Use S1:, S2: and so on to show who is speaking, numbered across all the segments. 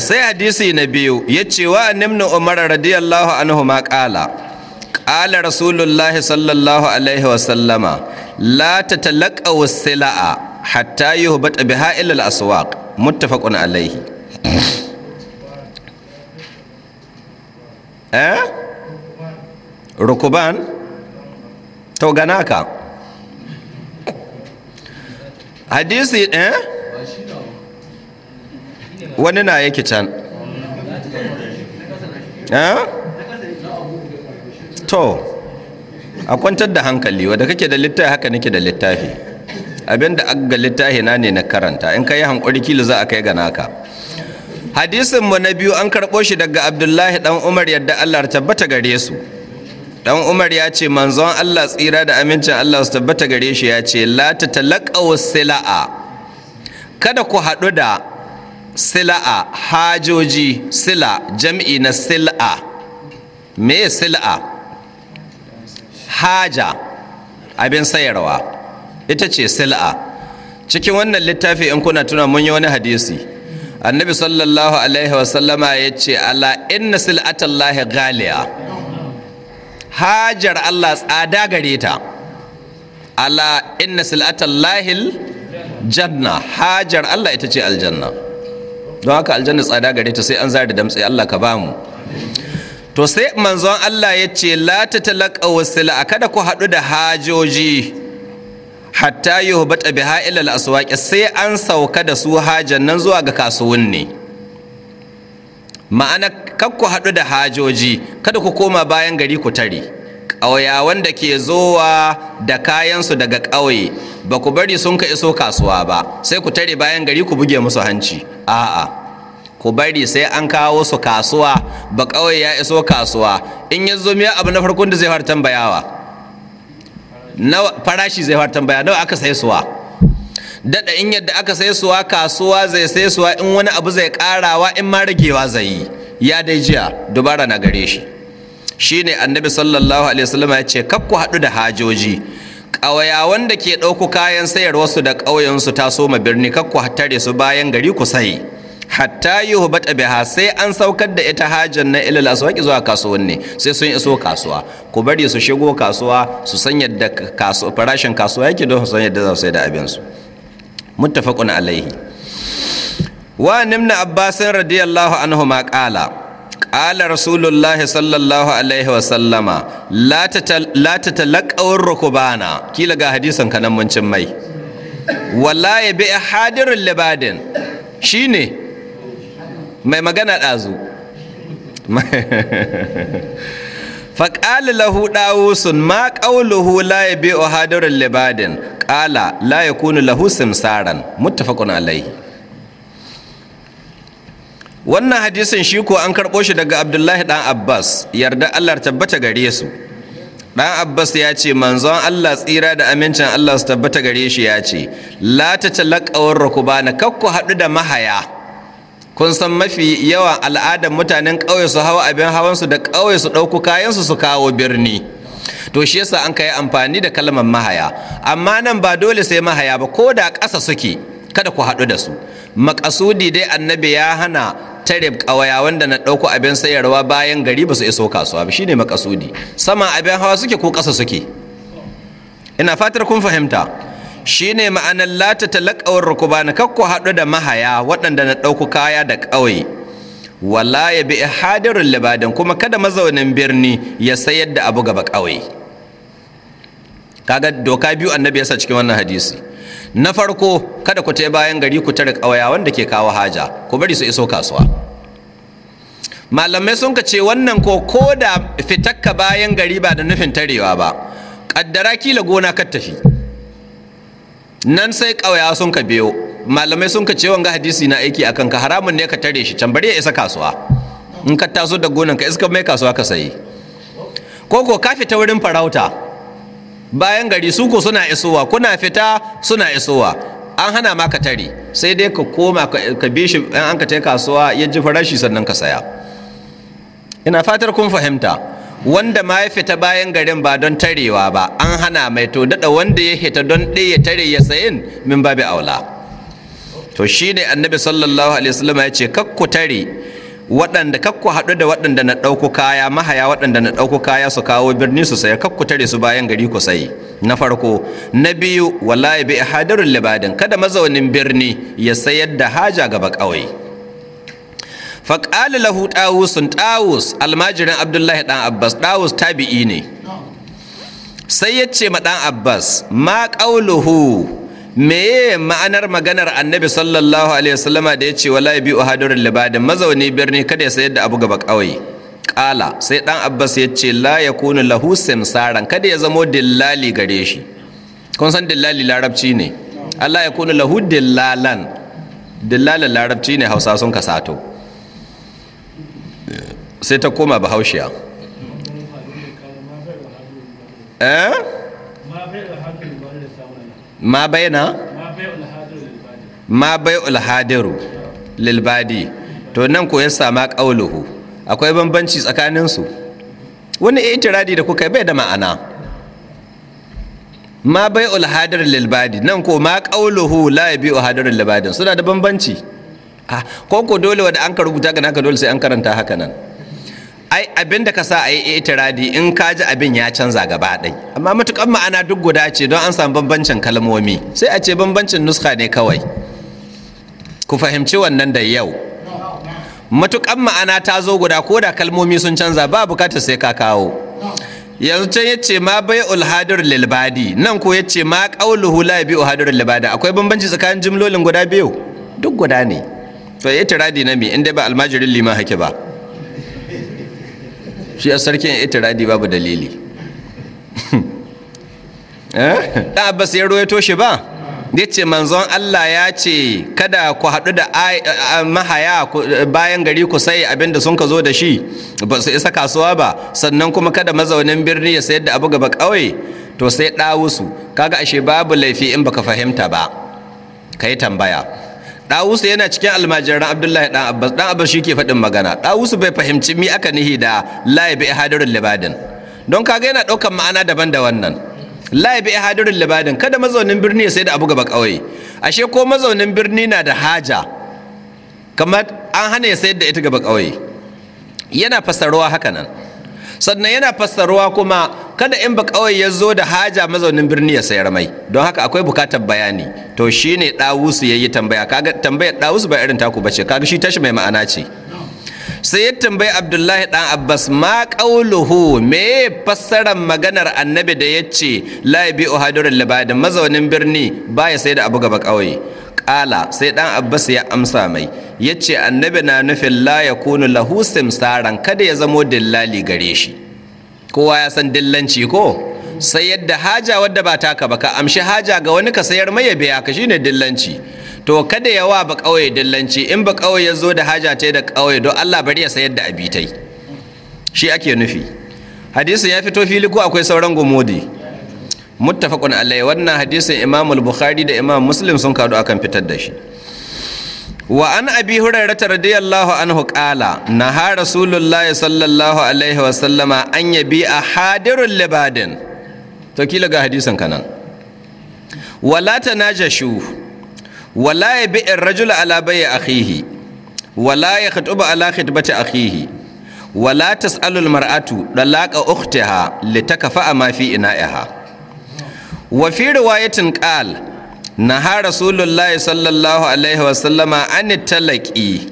S1: sai hadisi na biyu ya ce wa nimna umar radiyallahu anhu ma ƙala ƙala rasulullahi sallallahu alaihi sallama la ta talaka wasila'a hatta yi hubata biha ilal aswaq muttafaqun alaihi eh rukuban to ganaka hadisi eh wani na yake can to a kwantar da hankali wadda kake da littafi haka nake da littafi abinda aga littafi na ne na karanta in ka yi hankuri kilo za a kai ga naka hadisin mu na biyu an karɓo shi daga abdullahi dan umar yadda allah tabbata gare su dan umar ya ce manzon allah tsira da amincin allah su tabbata gare shi ya ce la ta talaqa sila'a kada ku haɗu da sila'a hajoji sila jam'i na sil'a me sil'a haja abin sayarwa ita ce sil'a cikin wannan littafi in kuna tuna mun yi wani hadisi annabi sallallahu alaihi wasallama ya ce ala inna sil'atallahi galiya hajar allah tsada gare ta ala inna sil'atallahi janna hajar allah ita ce aljanna don haka aljanna tsada gare ta sai an zara da damtse Allah ka ba mu to sai manzon Allah ya ce la ta talaka wasila a kada ku haɗu da hajoji hatta yi hubata biha ilal aswaƙi sai an sauka da su hajan nan zuwa ga kasuwanni ma'ana kakku haɗu da hajoji kada ku koma bayan gari ku tare ƙauyawan da ke zowa da kayansu daga ƙauye ba ku bari sun ka iso kasuwa ba sai ku tare bayan gari ku buge musu hanci a'a ku bari sai an kawo su kasuwa ba ƙauye ya iso kasuwa in ya zo miya abu na farkon da zai fara tambayawa farashi zai fara tambaya nawa aka sai suwa daɗa in yadda aka sai suwa kasuwa zai sai suwa in wani abu zai ƙarawa in ma ragewa zai yi ya dai jiya dubara na gare shi shine annabi sallallahu alaihi wasallam ya ce kakku ku haɗu da hajoji ƙawayawan da ke ɗauku kayan sayarwarsu da ƙauyensu ta soma birni kakku ku hattare su bayan gari ku sai hatta yi bata biha sai an saukar da ita hajan na ilal aswaki zuwa kasuwanni sai sun iso kasuwa ku bari su shigo kasuwa su san yadda farashin kasuwa yake don su san yadda za su sai da abinsu muttafaqun alaihi wa nimna abbasin radiyallahu anhu ma qala ala rasulullahi sallallahu alaihi wasallama la ta talakawar rukubana kila ga hadisan kanan muncin mai walla ya bi hadirin libadin shi ne mai magana ɗazu faƙali lahu ɗawusun ma ƙauluhu la ya bi hadirin libadin ƙala la ya kunu lahu simsaran muttafaqun alaihi wannan hadisin shi ko an karɓo shi daga abdullahi ɗan abbas yarda allah tabbata gare su ɗan abbas ya ce manzon allah tsira da amincin allah su tabbata gare shi ya ce la ta talakawar na kakko haɗu da mahaya kun san mafi yawan al'adar mutanen ƙauye su hawa abin hawan su da ƙauye su ɗauku kayansu su kawo birni to shi yasa an kai amfani da kalmar mahaya amma nan ba dole sai mahaya ba ko da ƙasa suke kada ku haɗu da su makasudi dai annabi ya hana tare kawaya wanda na ɗauko abin sayarwa bayan gari ba su iso kasuwa ba shine makasudi sama abin hawa suke ko ƙasa suke ina fatar kun fahimta shine ma'anar lata talakawar rukubana kakko haɗu da mahaya waɗanda na ɗauko kaya da ƙauye wala ya bi hadirun libadan kuma kada mazaunin birni ya sayar da abu gaba ƙauye kaga doka biyu annabi yasa cikin wannan hadisi na farko kada ku tai bayan gari ku tare ƙauyawan da ke kawo haja ku bari su iso kasuwa malamai sun ka ce wannan ko ko da fitakka bayan gari ba da nufin tarewa ba ƙaddara kila gona ka tafi nan sai ƙauyawa sun ka biyo malamai sun ka ce wanga hadisi na aiki akan ka haramun ne ka tare shi can bari ya isa kasuwa in ka taso da gonan ka iska mai kasuwa ka sayi ko ko ka fita wurin farauta bayan gari su ko suna isowa kuna fita suna isowa an hana ma ka tare sai dai ka koma ka bi shi an ka tai kasuwa ya ji farashi sannan ka saya ina fatar kun fahimta wanda ma ya fita bayan garin ba don tarewa ba an hana mai to dada wanda ya hita don ɗaya tare ya sayin min babu aula to shi ne annabi sallallahu alaihi wasallam ya ce kakku tare waɗanda kakku haɗu da waɗanda na ɗauko kaya mahaya waɗanda na ɗauko kaya su kawo birni su sayar kakku tare su bayan gari ku sayi na farko na biyu wallahi bi ihadarul libadin kada mazaunin birni ya sayar da haja gaba ƙauye faƙali lahu ɗawusun ɗawus almajirin abdullahi ɗan abbas ɗawus tabi'i ne sai yace ma ɗan abbas ma qauluhu meye ma'anar maganar annabi sallallahu alaihi wasallama da ya ce wala bi uhadur libadin mazauni birni kada ya sayar da abu gaba ƙauye ƙala sai ɗan abbas ya ce la yakunu lahu samsaran." kada ya zamo dillali gare shi kun san dillali larabci ne allah ya kunu lahu dillalan dillalan larabci ne hausa sun kasato sai ta koma bahaushiya eh ma baina ma bai'ul Lil lilbadi to nan ko ya sama qauluhu akwai bambanci tsakanin su wani itiradi da kuka bai da ma'ana ma bai'ul Lil lilbadi nan ko ma qauluhu la yabi'u Lil libadin suna da bambanci ah, ko ko dole wanda an ka rubuta ga naka dole sai an karanta haka nan ai abin da ka sa a yi itiradi in ka ji abin ya canza gaba ɗai amma matukan ma'ana duk guda ce don an samu bambancin kalmomi sai a ce bambancin nuska ne kawai ku fahimci wannan da yau matukan ma'ana ta zo guda ko da kalmomi sun canza ba bukatar sai ka kawo yanzu can ya ce ma bai ulhadur lilbadi nan ko ya ce ma ƙauluhu hula bi ulhadur lilbadi akwai bambanci tsakanin jimlolin guda biyu duk guda ne to ya itiradi na me in dai ba almajirin liman hake ba shi a sarkin itiradi babu dalili ɗan eh? abbas ya ruwaito shi ba ya ce manzon allah ya ce kada ku haɗu da mahaya bayan gari ku sai abinda sun ka zo da shi ba su isa kasuwa ba sannan kuma kada mazaunin birni ya sayar da abu gaba ƙauye to sai ɗawusu kaga ashe babu laifi in baka fahimta ba ka yi tambaya dawusu yana cikin almajiran abdullahi dan abbas ɗan abbas shi ke faɗin magana ɗawusu bai fahimci mi aka nihi da layi bi libadin don kaga yana ɗaukan ma'ana daban da wannan layi bi libadin kada mazaunin birni ya sai da abu gaba ƙauye ashe ko mazaunin birni na da haja kamar an hana ya sayar da ita gaba ƙauye yana fasarwa haka nan sannan yana fassarwa kuma kada in ba kawai ya zo da haja mazaunin birni ya sayar mai don haka akwai bukatar bayani to shi ne ɗawusu ya yi tambaya kaga tambayar ɗawusu ba irin taku bace kaga shi tashi mai ma'ana ce sai ya tambayi abdullahi ɗan abbas ma qauluhu me fassarar maganar annabi da ya ce la bi hadurin mazaunin birni baya sai da abu gaba ƙauye. kala sai ɗan abbas ya amsa mai ya ce annabi na nufin la ya kunu lahu tsaron kada ya zamo dillali gare shi kowa ya san dillanci ko sai yadda haja wadda ba taka ba ka amshi haja ga wani ka sayar mai ya biya ka ne dillanci to kada ya wa ba kauye dillanci in ba kauye ya zo da haja ta da kauye don Allah bari ya sayar da abitai shi ake nufi hadisin ya fito fili ko akwai sauran gumudi muttafaqun alai wannan hadisin imamul bukhari da Imam Muslim sun kado akan fitar da shi wa an abi hurairata radiyallahu anhu qala naha rasulullahi sallallahu alaihi wa sallama an yabi a hadirul libadin to kila ga hadisin kanan wala tanajashu wala yabi ar-rajulu ala bay'i akhihi wala ya yakhutubu ala khitbati akhihi wala tas'alul mar'atu dalaqa uktiha litakafa a fi ina'iha wa riwayatin kal? naha rasulullahi sallallahu alaihi wasallama an talaki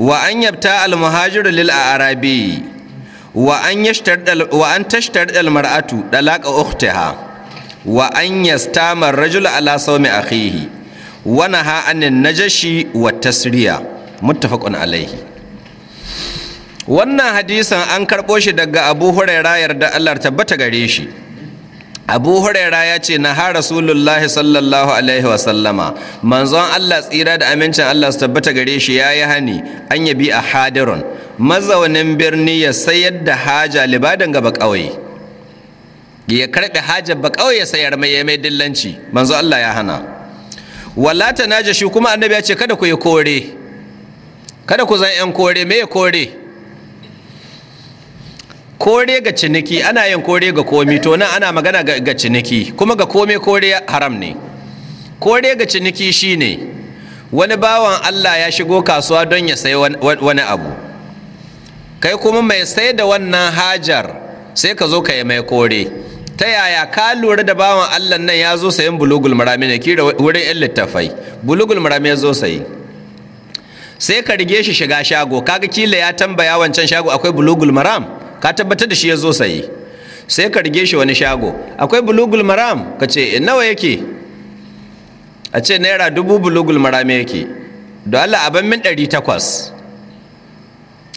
S1: wa an yabta almuhajiru lil arabi wa an tashtar almar'atu dalaka ukhtiha wa an ala sawmi akhihi wa naha anin najashi wa tasriya muttafaqun alaihi wannan hadisan an karɓo shi daga abu huraira yarda allah tabbata gare shi abu huraira ya ce na ha rasulullahi sallallahu alaihi wasallama manzon allah tsira da amincin allah su tabbata gare shi ya yi hani an yabi a hadirun mazaunin birni ya sayar da haja libadan gaba ƙauye ya karɓi hajar ba ƙauye ya sayar mai mai dillanci manzon allah ya hana wallata shi kuma annabi ya ce kada ku yi kore kada ku zan yan kore me kore kore ga ciniki ana yin kore ga komi to nan ana magana ga ciniki kuma ga komi kore haram ne kore ga ciniki shine wani bawan Allah ya shigo kasuwa don ya sayi wani abu kai kuma mai sai da wannan hajar sai ka zo ka yi mai kore ta yaya ka lura da bawan Allah nan ya zo sayin bulugul marami ne kira wurin yan littafai bulugul marami ya zo sayi sai ka rige shi shiga shago kaga kila ya tambaya wancan shago akwai bulugul maram ka tabbatar da shi ya zo saye sai ka rige shi wani shago akwai bulugul maram ka ce eh, nawa yake a ce naira dubu bulugul maram yake don Allah abin min ɗari takwas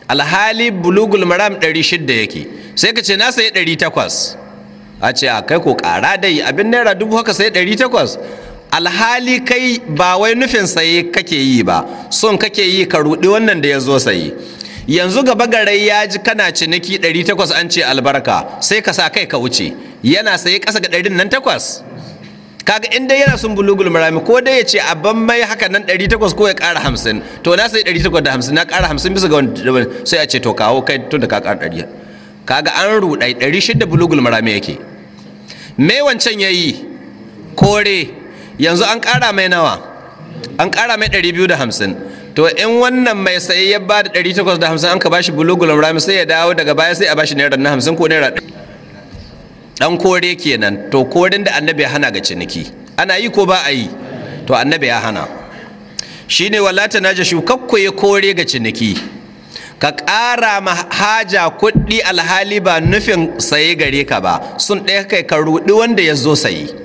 S1: alhali bulugul maram ɗari shidda yake sai ka ce na sayi ɗari takwas a ce a kai ko ƙara dai abin naira dubu haka sai ɗari takwas alhali kai ba wai nufin saye kake yi ba son kake yi ka ruɗi wannan da ya zo saye yanzu gaba garai ya ji kana ciniki 800 an ce albarka sai ka sa kai ka wuce yana saye ƙasa ga 800 nan takwas kaga inda yana sun bulugul marami ko dai ya ce a ban mai haka nan 800 ko ya ƙara 50 to na sai 850 na ƙara 50 bisa ga wani sai a ce to kawo kai tun da ka ƙara 100 kaga an ruɗa 600 bulugul marami yake mai wancan ya yi kore yanzu an ƙara mai nawa an ƙara mai 250 to in wannan mai saye ya ba da 850 an ka bashi bulugul rami sai ya dawo daga baya sai a bashi naira na 50 ko naira dan kore kenan to koren da annabi ya hana ga ciniki ana yi ko ba a yi to annabi ya hana shine wala tanajashu kakko ya kore ga ciniki ka ƙara ma haja kuɗi alhali ba nufin saye gare ka ba sun ɗaya kai ka ruɗi wanda ya zo saye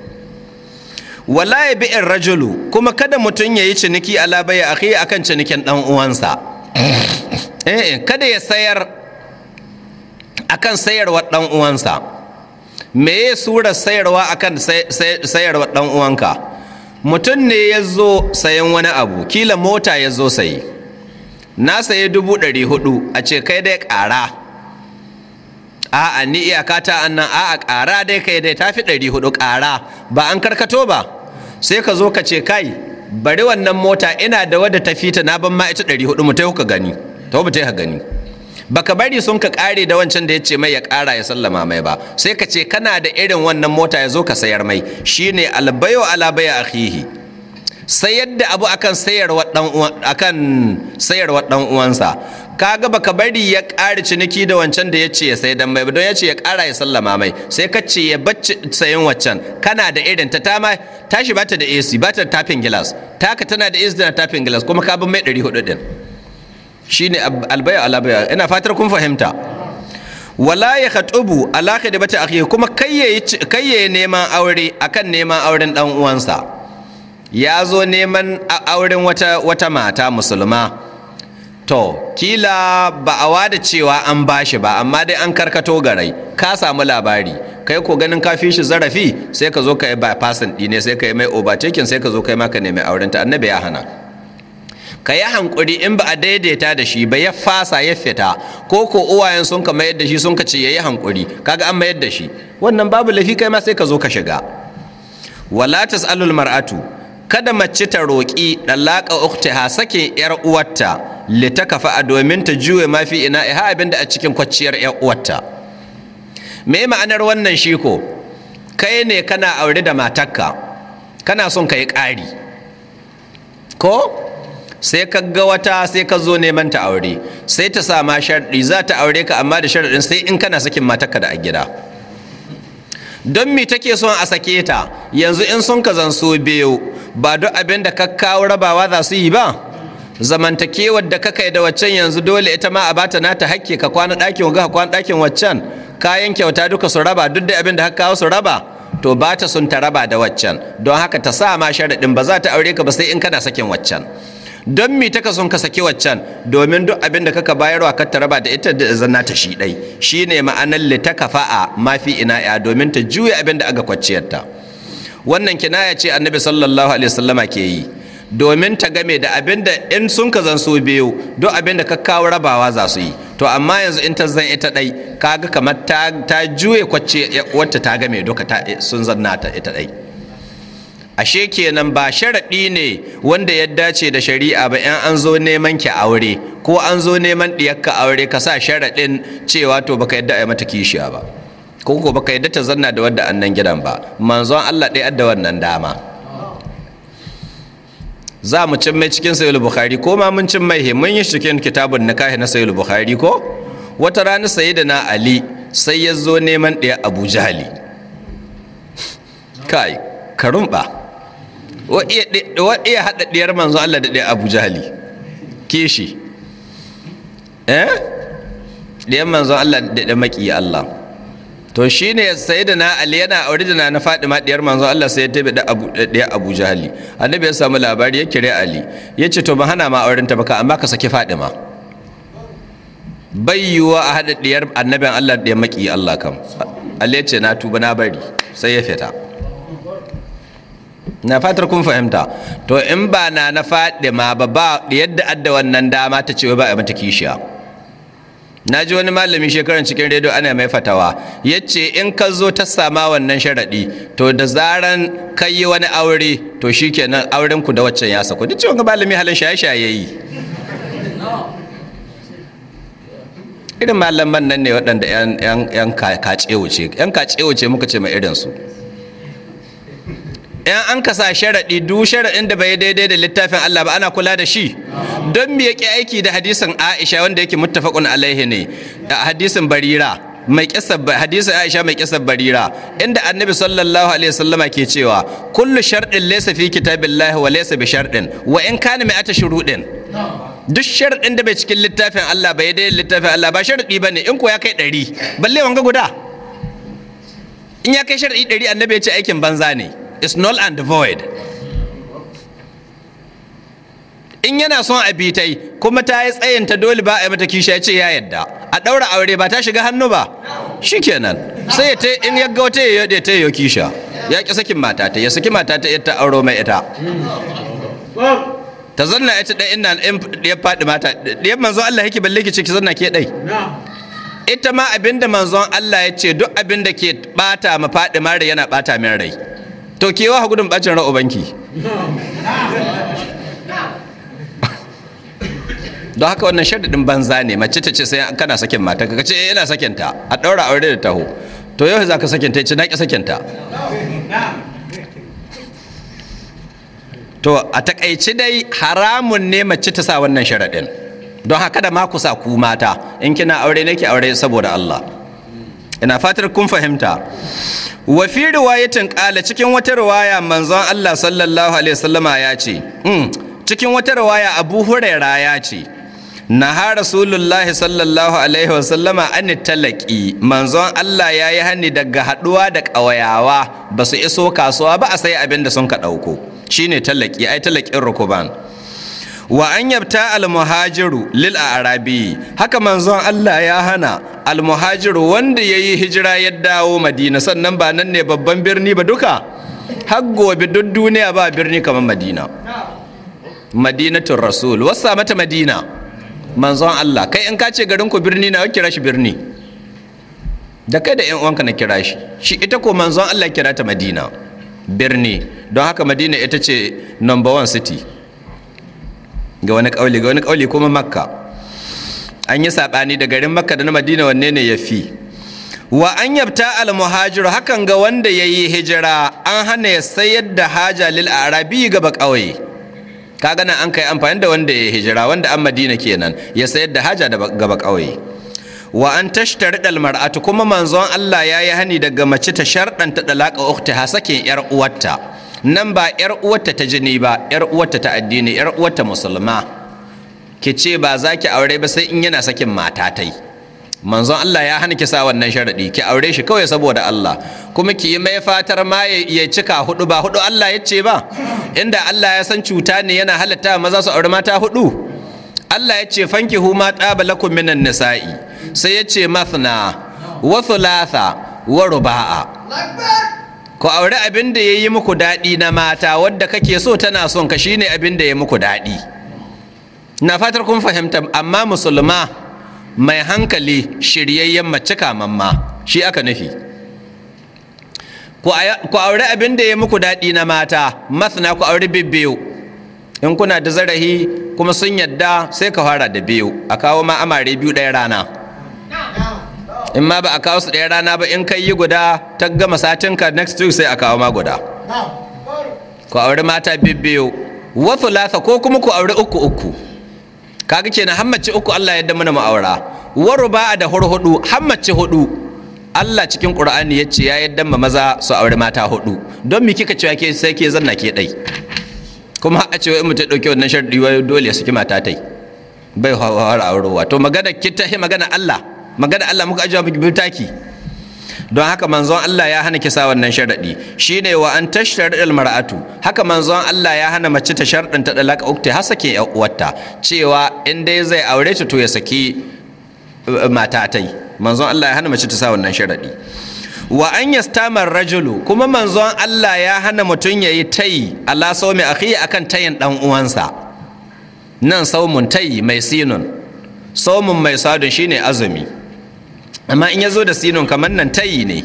S1: wala ya bi in rajulu kuma kada mutum ya yi ciniki ala a kai akan cinikin dan uwansa eh, eh, kada ya sayar akan sayarwa dan uwansa me ya sura sayarwa akan sayarwa dan uwanka mutum ne ya zo sayan wani abu kila mota ya zo sayi na saye dubu ɗari hudu a ce kai dai ƙara a'a ni iyaka ta annan a'a ƙara dai kai dai tafi ɗari hudu ƙara ba an karkato ba sai ka zo ka ce kai bari wannan mota ina da wadda ta fita na ban ma ita hudu mu ta ka gani ta mu gani baka bari sun ka kare da wancan da ya ce mai ya kara ya sallama mai ba sai ka ce kana da irin wannan mota ya zo ka sayar mai shine albayo alabaya a akhihi sayar da abu akan sayarwa ɗan dan uwansa kaga baka bari ya ƙara ciniki da wancan da ya ce ya sai dan mai don ya ce ya ƙara ya sallama mai sai ka ce ya bacci sayin waccan kana da irin ta mai tashi bata da AC bata da tapin gilas taka tana da AC da tapin gilas kuma ka bin mai 400 din shine albaya alabaya ina fatar kun fahimta wala ya khatubu ala bata akhi kuma kai ya neman aure akan neman auren dan uwansa ya zo neman auren wata wata mata musulma to kila ba a wada cewa an bashi ba amma dai an karkato garai ka samu labari kai ko ganin ka fi shi zarafi sai ka zo ka yi bypassin ɗine sai ka yi mai overtaking sai ka zo ka yi maka nemi aurenta annabi ya hana ka yi hankuri in ba a daidaita da shi ba ya fasa ya fita ko ko uwayen sun ka mayar da shi sun ka ce ya yi hankuri kaga an mayar da shi wannan babu lafi kai ma sai ka zo ka shiga wala tas'alul mar'atu kada mace ta roƙi ɗalaƙa ha sakin ‘yar uwarta kafa a domin ta juwe mafi ina iha abinda a cikin kwacciyar ‘yar uwarta me ma'anar wannan shi ko kai ne kana aure da matarka kana son ka yi ƙari ko sai ka ga wata sai ka zo neman ta aure sai ta sama sharɗi za ta aure ka amma da sharaɗin sai in kana sakin matarka da a gida don me take son a sake ta yanzu in sun ka zanso biyu ba duk abin da ka kawo rabawa za su yi ba zamantakewar da kakai da waccan yanzu dole ita ma a bata nata hakke ka kwana ɗakin ga kwana ɗakin waccan kayan kyauta duka su raba duk da abin da ka kawo su raba to ba ta sun ta raba da waccan don haka ta sa ma sharaɗin ba za ta aure ka ba sai in kana sakin waccan don me taka son ka saki waccan domin duk abin da kaka bayarwa ka taraba da ita da zanna ta shi dai shine ma'anar litakafa'a mafi mafi ina'a domin ta juya abin da kwacciyar ta wannan kinaya ce annabi sallallahu alaihi wasallama ke yi domin ta game da abin da in sun ka zan so biyu duk abin da ka kawo rabawa za su yi to amma yanzu in ta zan ita ɗai kaga kamar ta juye kwacce wata ta game duka sun zanna ta ita ɗai ashe kenan ba sharaɗi ne wanda ya dace da shari'a ba in an zo neman ki aure ko an zo neman ɗiyakka aure ka sa sharaɗin cewa to baka yadda a mata kishiya ba ko ko baka yadda ta zanna da wadda annan gidan ba manzon Allah ɗaya da wannan dama za mu cin mai cikin sayul bukhari ko ma mun cin mai mun yi cikin kitabun nikahi na sayul bukhari ko wata rana sayyidina ali sai ya zo neman ɗaya abu jahali kai karumba wa iya haɗa ɗiyar manzo Allah da ɗaya abu jahali kishi eh ɗiyar manzo Allah da ɗaya maƙi Allah to shi ne sai da na Ali yana aure da na Fatima ɗiyar manzo Allah sai ya tabi da abu ɗaya abu jahali annabi ya samu labari ya kire Ali ya ce to ba hana ma auren ta baka amma ka saki Fatima bayyuwa a haɗa ɗiyar annabin Allah da ɗaya maƙi Allah kam Ali ya ce na tuba na bari sai ya fita na fatar kun fahimta to in ba na na ma ba ba yadda adda wannan dama ta ce ba a mata kishiya na ji wani malami shekaran cikin rediyo ana mai fatawa ya ce in ka zo ta sama wannan sharaɗi to da zaran ka yi wani aure to shi kenan auren ku da waccan ya sako duk wani malami halin shaye-shaye yi irin malaman nan ne waɗanda 'yan muka ce ma irinsu in an ka sa sharaɗi du sharaɗin da bai daidai da littafin Allah ba ana kula da shi don me yake aiki da hadisin Aisha wanda yake muttafaqun alaihi ne hadisin Barira mai kisar hadisin Aisha mai kisar Barira inda Annabi sallallahu alaihi wasallama ke cewa kullu sharɗin laysa fi kitabillahi wa laysa bi sharɗin wa in kana mai ata shuruɗin duk sharɗin da bai cikin littafin Allah bai daidai littafin Allah ba sharɗi bane in ko ya kai ɗari balle wanga guda in ya kai sharɗi ɗari annabi ya ce aikin banza ne is null and void in yana son a bitai kuma ta yi tsayinta dole ba a yi mata kisha ce ya yadda a ɗaura aure ba ta shiga hannu ba shikenan sai ya ta in ya ga wata ya ta yi kisha ya ki sakin mata ta ya saki mata ta ta auro mai ita ta zanna ita ɗai ina ya faɗi mata ɗiyar manzon Allah yake balle ki ce ki zanna ke ɗai ita ma abinda manzon Allah ya ce duk abinda ke ɓata ma faɗi mara yana ɓata min rai to ke wa gudun bacin ra'o banki don haka wannan sharadin banza ne mace ta ce sai kana sakin mata ka ce yana eh, sakin ta a daura aure da taho to yau za ka sakin ta ya ce na ki sakin ta to a takaici dai haramun ne mace ta sa wannan sharadin don haka da ma ku sa ku mata in kina aure nake aure saboda Allah ina fatar kun fahimta wa fi riwayatin kala cikin wata riwaya manzon Allah sallallahu alaihi wasallama ya ce hmm, cikin wata riwaya Abu Huraira ya ce naha rasulullah sallallahu alaihi wasallama an talaki manzon Allah ya yi hanni daga haduwa da kawayawa ba su iso kasuwa ba a sai abin da sun ka dauko shine talaki ai talakin rukuban wa an yabta al muhajiru lil arabi haka manzon Allah ya hana almuhajiru wanda ya yi hijira ya dawo madina sannan ba nan ne babban birni ba duka har gobe duk duniya ba birni kamar madina madinatun rasul wasa mata madina manzon allah kai in ka garin ku birni na kira shi birni da kai da yan uwanka na kira shi shi ita ko manzon allah kira ta madina birni don haka madina ita ce number one city ga wani kauli ga wani kauli kuma makka an yi saɓani da garin makka da na madina wanne ne ya fi wa an yabta almuhajiru hakan ga wanda ya yi hijira an hana ya sayar da haja lil arabi gaba ƙauye Ka gana an kai amfani da wanda ya yi hijira wanda an madina kenan ya sayar da haja gaba ƙauye wa an tashtari mar'atu kuma manzon Allah ya yi hani daga mace ta sharɗanta ukhti ha sakin yar uwarta nan ba yar uwarta ta jini ba yar uwarta ta addini yar uwarta musulma ki ce ba za ki aure ba sai in yana sakin mata ta yi manzon Allah ya hana ki sa wannan sharaɗi. ki aure shi kawai saboda Allah kuma ki yi mai fatar ma ya cika hudu ba hudu Allah ya ce ba inda Allah ya san cuta ne yana halatta maza su aure mata hudu Allah ya ce fanki huma ɗaba lakum minan nisa'i sai ya ce mathna wa thulatha wa ruba'a ku aure abin da ya yi muku daɗi na mata wadda kake so tana son ka shine abin da ya yi muku daɗi na fatar kun fahimta amma musulma mai hankali shiryayyen mace ma shi aka nufi ku aure abin da ya muku daɗi na mata masna ku aure bibbiyu in kuna da zarahi kuma sun yadda sai ka fara da biyu a kawo ma amare biyu ɗaya rana in ma ba a kawo su ɗaya rana ba in kai yi guda ta gama satin ka next week sai a kawo ma guda ku aure mata bibbiyu wasu lasa ko kuma ku aure uku uku kaga kenan hammace uku Allah ya mana ma'aura wa ruba'a da hudu hammace hudu Allah cikin Qur'ani ya ce ya yadda ma maza su aure mata hudu don me kika cewa ke sai ke zanna ke dai kuma a ce wai mutum dauke wannan sharadi wai dole ya saki mata tai bai hawa aurewa to magana kita magana Allah magana Allah muka ajiya miki bitaki don haka manzon Allah ya hana kisa wannan sharadi shine wa an tashtaradil mar'atu haka manzon Allah ya hana mace ta ta dalaka ukti har ya yan uwarta cewa in dai zai aure ta to ya saki eh, mata tai manzon Allah ya hana mace ta sa wannan sharadi wa an yastamar rajulu kuma manzon Allah ya hana mutum ya yi tayi Allah sau akhi akan tayin dan uwansa nan saumun tayi mai sinun saumun mai sadun shine azumi amma in yazo da sinun kamar nan tayi ne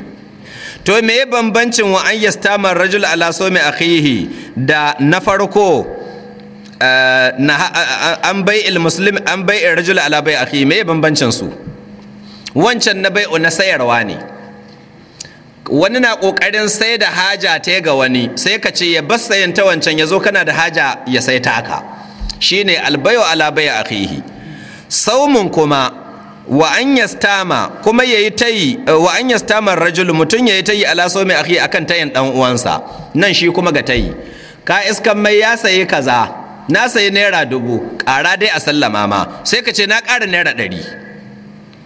S1: to me ya bambancin wa an man rajul ala mai akhihi da na farko eh, eh, eh, an bai il muslim an bai il rajul ala bai akhi me ya bambancin su wancan na bai na sayarwa ne wani na kokarin sai da haja ta ga wani sai ka ce ya bar sayan ta wancan ya zo kana da haja ya sai ta ka shine albayo ala bai akhihi saumun kuma wa an yastama kuma yayi tayi wa an yastama rajul mutun yayi tayi ala so mai akhi akan tayin dan uwansa nan shi kuma ga tayi ka iskan mai ya sayi kaza na sayi naira dubu kara dai a sallama ma sai ka ce na kara naira ɗari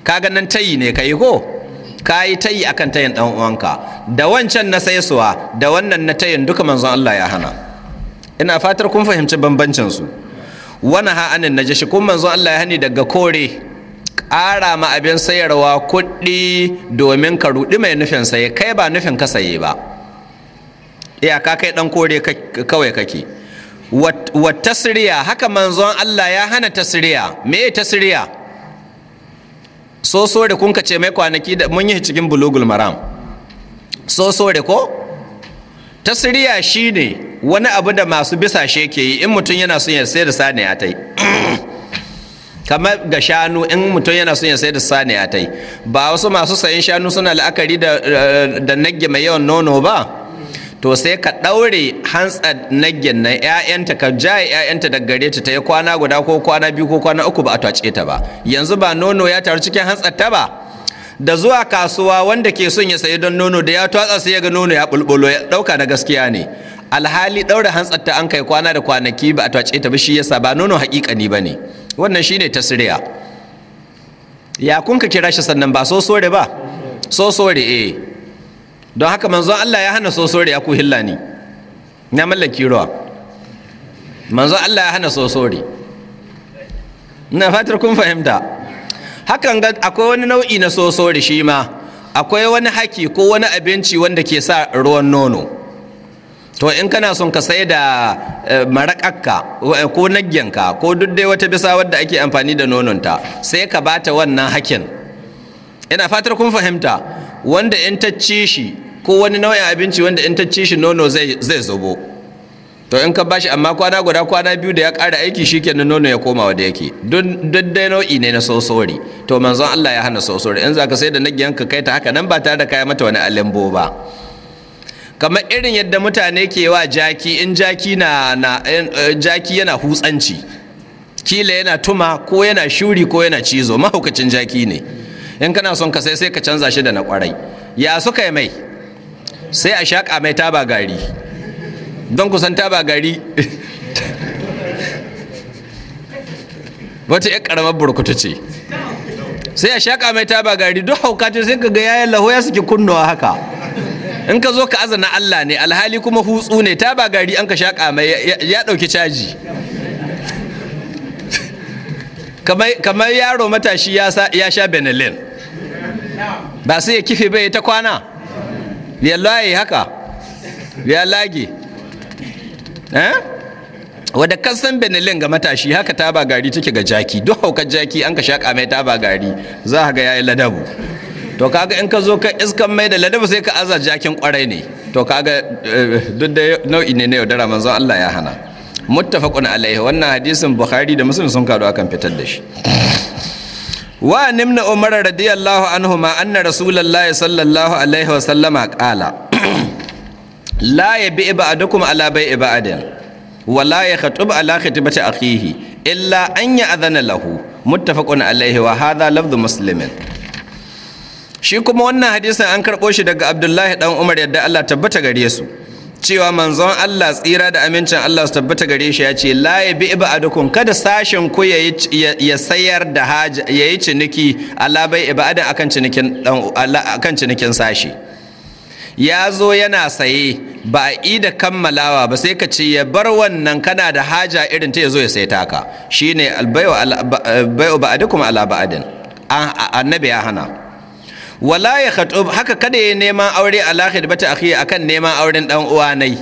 S1: ka ga nan tayi ne ka ko ka yi tayi akan tayin dan uwanka da wancan na saisuwa da wannan na tayin duka manzon Allah ya hana ina fatar kun fahimci bambancin su wani ha'anin najashi kun manzon Allah ya hani daga kore ƙara ma abin sayarwa kuɗi domin ka ruɗi mai nufin saye kai ba nufin ka saye ba iyaka kai ɗan kore kawai kake wa tasiriya haka manzon Allah ya hana tasiriya me tasiriya so so da kun ce mai kwanaki da mun yi cikin bulugul maram so so da ko tasiriya shine wani abu da masu bisa ke yi in mutum yana son ya sai da saniya tai kamar ga shanu in mutum yana son ya sai da sani ta yi ba wasu masu sayan shanu suna la'akari da nage mai yawan nono ba to sai ka ɗaure hantsa nagin na ‘ya'yanta ka jaye ‘ya'yanta daga gare ta ta yi kwana guda ko kwana biyu ko kwana uku ba a tace ta ba yanzu ba nono ya taru cikin hantsar ta ba da zuwa kasuwa wanda ke son ya sayi don nono da ya tatsa sai ya ga nono ya bulbulo ya ɗauka na gaskiya ne alhali ɗaure hantsar ta an kai kwana da kwanaki ba a tace ta ba shi yasa ba nono haƙiƙani ba ne wannan shine tasriya ya kun ka kira shi sannan ba sosore ba sosore eh don haka manzon Allah ya hana sosore ya ku hillani na mallaki ruwa manzon Allah ya hana sosore na fatar kun fahimta hakan ga akwai wani nau'i na sosore shi ma akwai wani haki ko wani abinci wanda ke sa ruwan nono to in kana son ka sai da eh, maraƙakka eh, ko nagyanka ko duk dai wata bisa wadda ake amfani da nononta sai ka bata wannan hakin ina fatar kun fahimta wanda in ta ci shi ko wani nau'in abinci wanda in ta ci shi nono zai zubo to in ka bashi amma kwana guda kwana biyu da ya ƙara aiki shi kenan nono ya koma da yake duk dai nau'i ne na sosori to manzon Allah ya hana sosori in za ka sai da nagyanka kai ta haka nan ba tare da kaya mata wani alambo ba kamar irin yadda mutane ke wa jaki in jaki na, na eh, jaki yana hutsanci kila yana tuma ko yana shuri ko yana cizo mahaukacin jaki ne in kana son ka sai sai ka canza shi da na kwarai ya suka yi mai sai a shaƙa mai taba gari don kusan taba gari wata 'yan ƙaramar burkutu ce sai a shaƙa mai taba gari duk hauka ce sai ka ga yayin lahoya ya suke kunnuwa haka in ka zo ka azana Allah ne alhali kuma hutsu ne ta ba gari an ka shaƙa mai ya ɗauki caji kamar yaro matashi ya sha benelin ba sai ya kife bai ta kwana ya laye haka ya lage eh? wadda kasan benelin ga matashi haka ba gari take ga jaki duk haukar jaki an ka shaƙa mai ba gari za ga ya yi ladabu to kaga in ka zo ka iskan mai da ladabi sai ka aza jakin kwarai ne to kaga eh, duk da nau'i ne na yaudara manzon Allah ya hana muttafaqun alaihi wannan hadisin bukhari da muslim sun kado akan fitar da shi wa nimna umar radiyallahu anhu ma anna rasulullahi sallallahu alaihi wa sallama qala la yabi ba'dukum ala bai'i ba'din wa la yakhtub ala khitbati akhihi illa an ya'dhana lahu muttafaqun alaihi wa hadha lafdhu muslimin shi kuma wannan hadisin an karɓo shi daga abdullahi ɗan umar yadda allah tabbata gare su cewa manzon allah tsira da amincin allah su tabbata gare shi ya ce la ya bi ibadukun kada sashen ku ya sayar da haja ya yi ciniki ala bai ibadin akan cinikin akan cinikin sashi ya zo yana saye ba a yi da kammalawa ba sai ka ce ya bar wannan kana da haja irin ta ya zo ya sai taka shine albayo ba'adukum ala ba'adin annabi ya hana wala ya khatub haka kada ya neman aure ala khidbati akhi akan neman auren dan uwa nai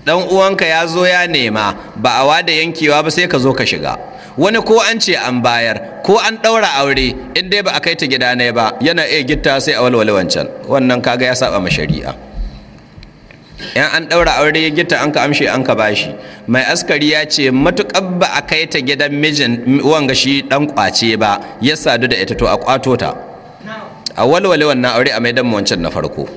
S1: dan uwanka ya zo ya nema ba a wada yankewa ba sai ka zo ka shiga wani ko an ce an bayar ko an daura aure in dai ba a kai ta gida ne ba yana iya gitta sai a walwale wancan wannan kaga ya saba ma shari'a yan an daura aure ya gitta an ka amshe an ka bashi mai askari ya ce matukar ba a kai ta gidan mijin wanga shi dan kwace ba ya sadu da ita to a kwato ta a walwale wannan aure a maidan wancan na farko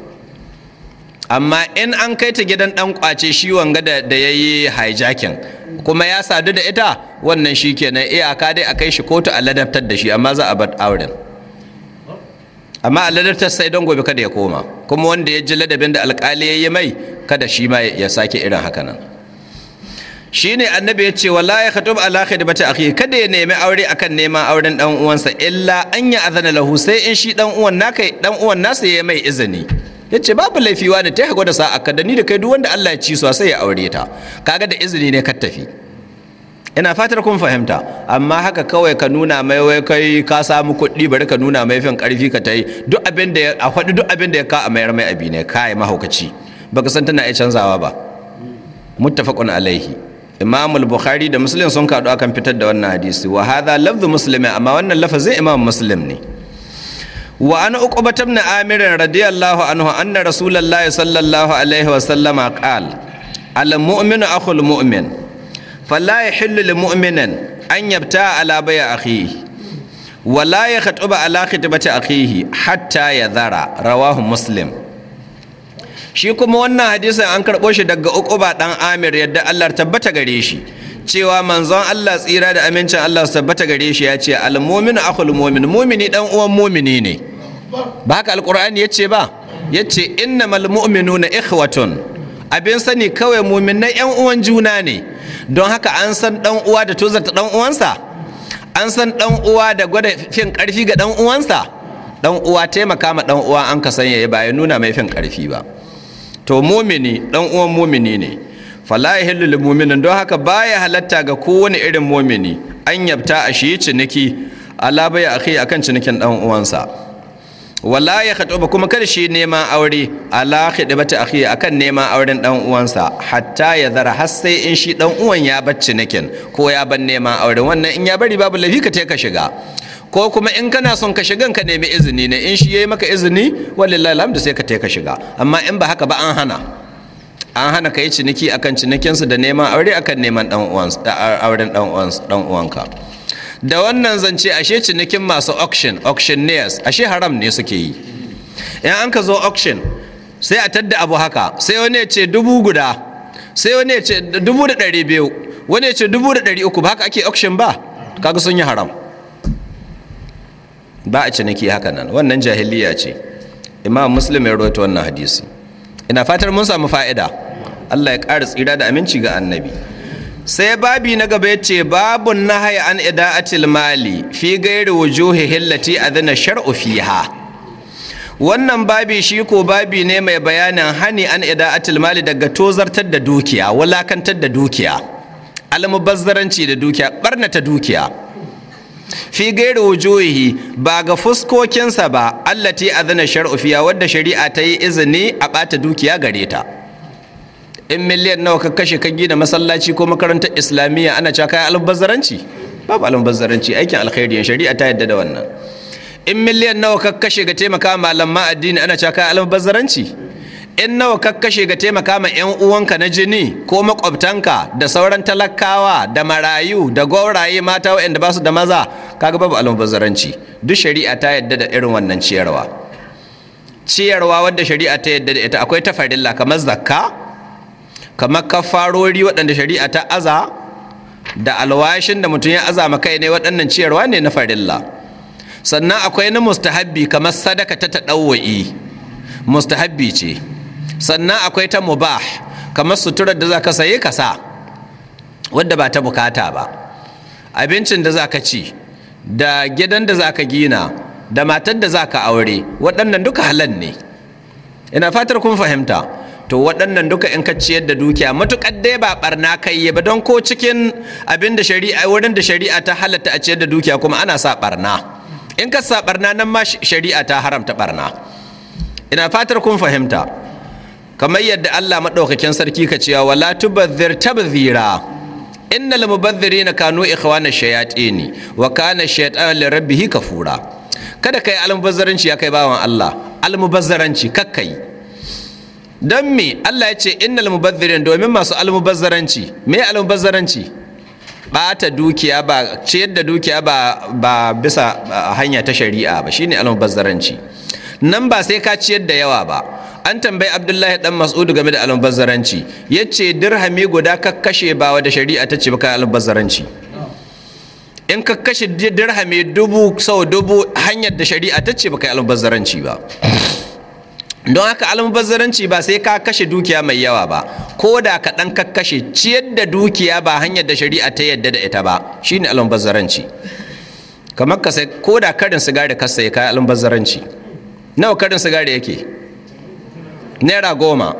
S1: amma in an kai ta gidan dan kwace shi wanga da ya yi hijacking kuma ya sadu da ita wannan shi kenan iyaka eh, dai a kai shi kotu a ladabtar da shi amma za a bar auren amma a ladabtar sai don gobe kada ya koma kuma wanda ya ji ladabin da alkali ya yi mai kada shi ma ya sake irin haka nan shine annabi ya ce wala ya khatub ala khidmati akhi kada ya nemi aure akan neman auren dan uwansa illa an ya azana lahu sai in shi dan uwan naka dan uwan nasa ya mai izini yace babu laifi wani ta hago da sa'a kada ni da kai duk wanda Allah ya ci su sai ya aure ta kaga da izini ne ka tafi ina fatar kun fahimta amma haka kawai ka nuna mai wai kai ka samu kuɗi bari ka nuna mai fin karfi ka tai duk abin da a faɗi duk abin da ya ka a mayar mai abi ne kai mahaukaci baka san tana iya canzawa ba muttafaqun alaihi imam al-bukhari da muslim sun kaɗu akan fitar da wannan hadisi wa hadha lafzu muslimin amma wannan lafazin imam muslim ne wa an uqbat ibn amir radiyallahu anhu anna rasulullahi sallallahu alaihi wa sallama qala al-mu'minu akhul mu'min fala yahillu lil mu'minin an yabta ala bay akhihi wa la yakhtuba ala khitbati akhihi hatta yadhara rawahu muslim shi kuma wannan hadisin an karɓo shi daga uquba dan amir yadda Allah tabbata gare shi cewa manzon Allah tsira da amincin Allah tabbata gare shi ya ce almumin akhul mumin mumini dan uwan mumini ne ba haka alqur'ani yace ba yace innamal mu'minuna ikhwatun abin sani kawai na yan uwan juna ne don haka an san dan uwa da tozarta dan uwansa an san dan uwa da gwada fin karfi ga dan uwansa dan uwa taimaka ma dan uwa an ka sanya ya ba ya nuna mai fin karfi ba to mumini dan uwan mumini ne fala yahillu lil mu'minin don haka baya halatta ga kowane irin mumini an yabta a shi ciniki ala baya akhi akan cinikin dan uwansa wala ya ba kuma kada shi neman aure ala khidbati akhi akan neman auren dan uwansa hatta ya zara har sai in shi dan uwan ya bar cinikin ko ya bar neman auren wannan in ya bari babu lafi ka ka shiga ko kuma in kana son ka shigan ka nemi izini ne in shi yayi maka izini wallahi alhamdu sai ka ka shiga amma in ba haka ba an hana an hana ka yi ciniki akan cinikinsu da neman aure akan neman auren dan uwanka da wannan zance ashe cinikin masu auction auctioneers ashe haram ne suke yi in an ka zo auction sai a tadda abu haka sai wani ya ce dubu guda sai wani ya ce dubu da ɗari biyu wani ya ce dubu da ɗari uku ba haka ake auction ba kaga sun yi haram ba a ciniki haka nan wannan jahiliya ce imam muslim ya rawaito wannan hadisi ina fatar mun samu fa'ida Allah ya ƙara tsira da aminci ga annabi sai babi na gaba ya ce babun haya an ida'atil mali fi gairi wujuhi hillati adana shar'u fiha wannan babi shi ko babi ne mai bayanin hani an ida'atil mali daga tozartar da dukiya wulakantar da dukiya almubazzaranci da dukiya barnata dukiya fi gairu wujuhi ba ga fuskokinsa ba allati azana shar'u fiya wadda shari'a ta yi izini a ɓata dukiya gare ta in miliyan nawa ka kashe ka gina masallaci ko makarantar islamiyya ana cewa kai albazzaranci babu albazzaranci aikin alkhairi shari'a ta yadda da wannan in miliyan nawa ka kashe ga taimaka malamma addini ana cewa kai albazzaranci in nawa kakkashe ga taimaka ma 'yan uwanka na jini ko makwabtanka da sauran talakawa da marayu da gwauraye mata wa'anda ba su da maza kaga babu almubazzaranci duk shari'a ta yadda da irin wannan ciyarwa ciyarwa wadda shari'a ta yadda da ita akwai ta farilla kamar zakka kamar kafarori waɗanda shari'a ta aza da alwashin da mutum ya aza kai ne waɗannan ciyarwa ne na farilla sannan akwai na mustahabbi kamar sadaka ta taɗawwa'i mustahabbi ce sannan akwai ta mubah kamar suturar da za ka saye ka sa wadda ba ta bukata ba abincin da za ka ci da gidan da za ka gina da matar da za ka aure waɗannan duka halan ne ina fatar kun fahimta to waɗannan duka in ka ciyar da dukiya matuƙar dai ba ɓarna kai ba don ko cikin abin da shari'a wurin da shari'a ta halatta a ciyar da dukiya kuma ana sa ɓarna in ka sa ɓarna nan ma shari'a ta haramta ɓarna ina fatar kun fahimta kamar yadda Allah maɗaukakin sarki ka cewa wala tubazzir tabzira innal na kanu ikhwana ne wa kana rabbi hi ka kafura kada kai almubazzaranci ya kai bawan Allah almubazzaranci kakai. don me Allah ya ce innal na domin masu almubazzaranci me almubazzaranci bata dukiya ba ciyar da dukiya ba ba bisa hanya ta shari'a ba shine almubazzaranci nan ba sai ka ciyar da yawa ba an tambayi abdullahi dan mas'ud game da Ya ce dirhami guda kakkashe kashe ba da shari'a ta ce ba kai almubazzaranci in ka kashe dirhami dubu sau dubu hanyar da shari'a ta ce ba kai almubazzaranci ba don haka almubazzaranci ba sai ka kashe dukiya mai yawa ba ko da ka dan ka kashe ciyar da dukiya ba hanyar da shari'a ta yadda da ita ba shine almubazzaranci kamar ka sai ko da karin sigari ka sai kai almubazzaranci nawa karin sigari yake naira goma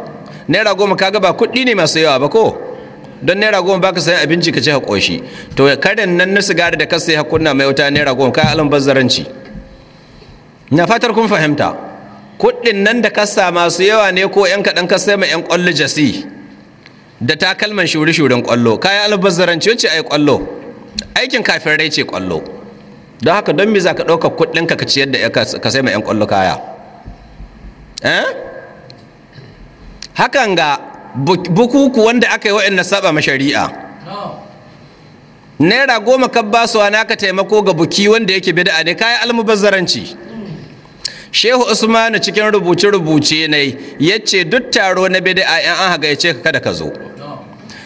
S1: naira goma kaga ba kuɗi ne masu yawa ba ko don naira goma baka sayan abinci ka ci haƙoshi, to to karin nan na sigari da ka sai hakunna mai wuta naira goma ka alan bazzaranci na fatar kun fahimta kuɗin nan da kasa masu yawa ne ko yan kaɗan ka sai ma yan ƙwallo jasi da takalman shuri-shurin ƙwallo yi albazzaranci wacce a yi ƙwallo aikin kafin rai ce ƙwallo don haka don me za ka ɗauka kuɗinka ka ciyar da ka sai ma yan ƙwallo kaya eh? hakan ga bukuku wanda aka yi wa'in saba ma shari'a naira goma kan basuwa naka taimako ga buki wanda yake bida ne kayan almubazzaranci shehu usmanu cikin rubuce-rubuce ne ya ce duk taro na bida yan an haga ya ce kada ka zo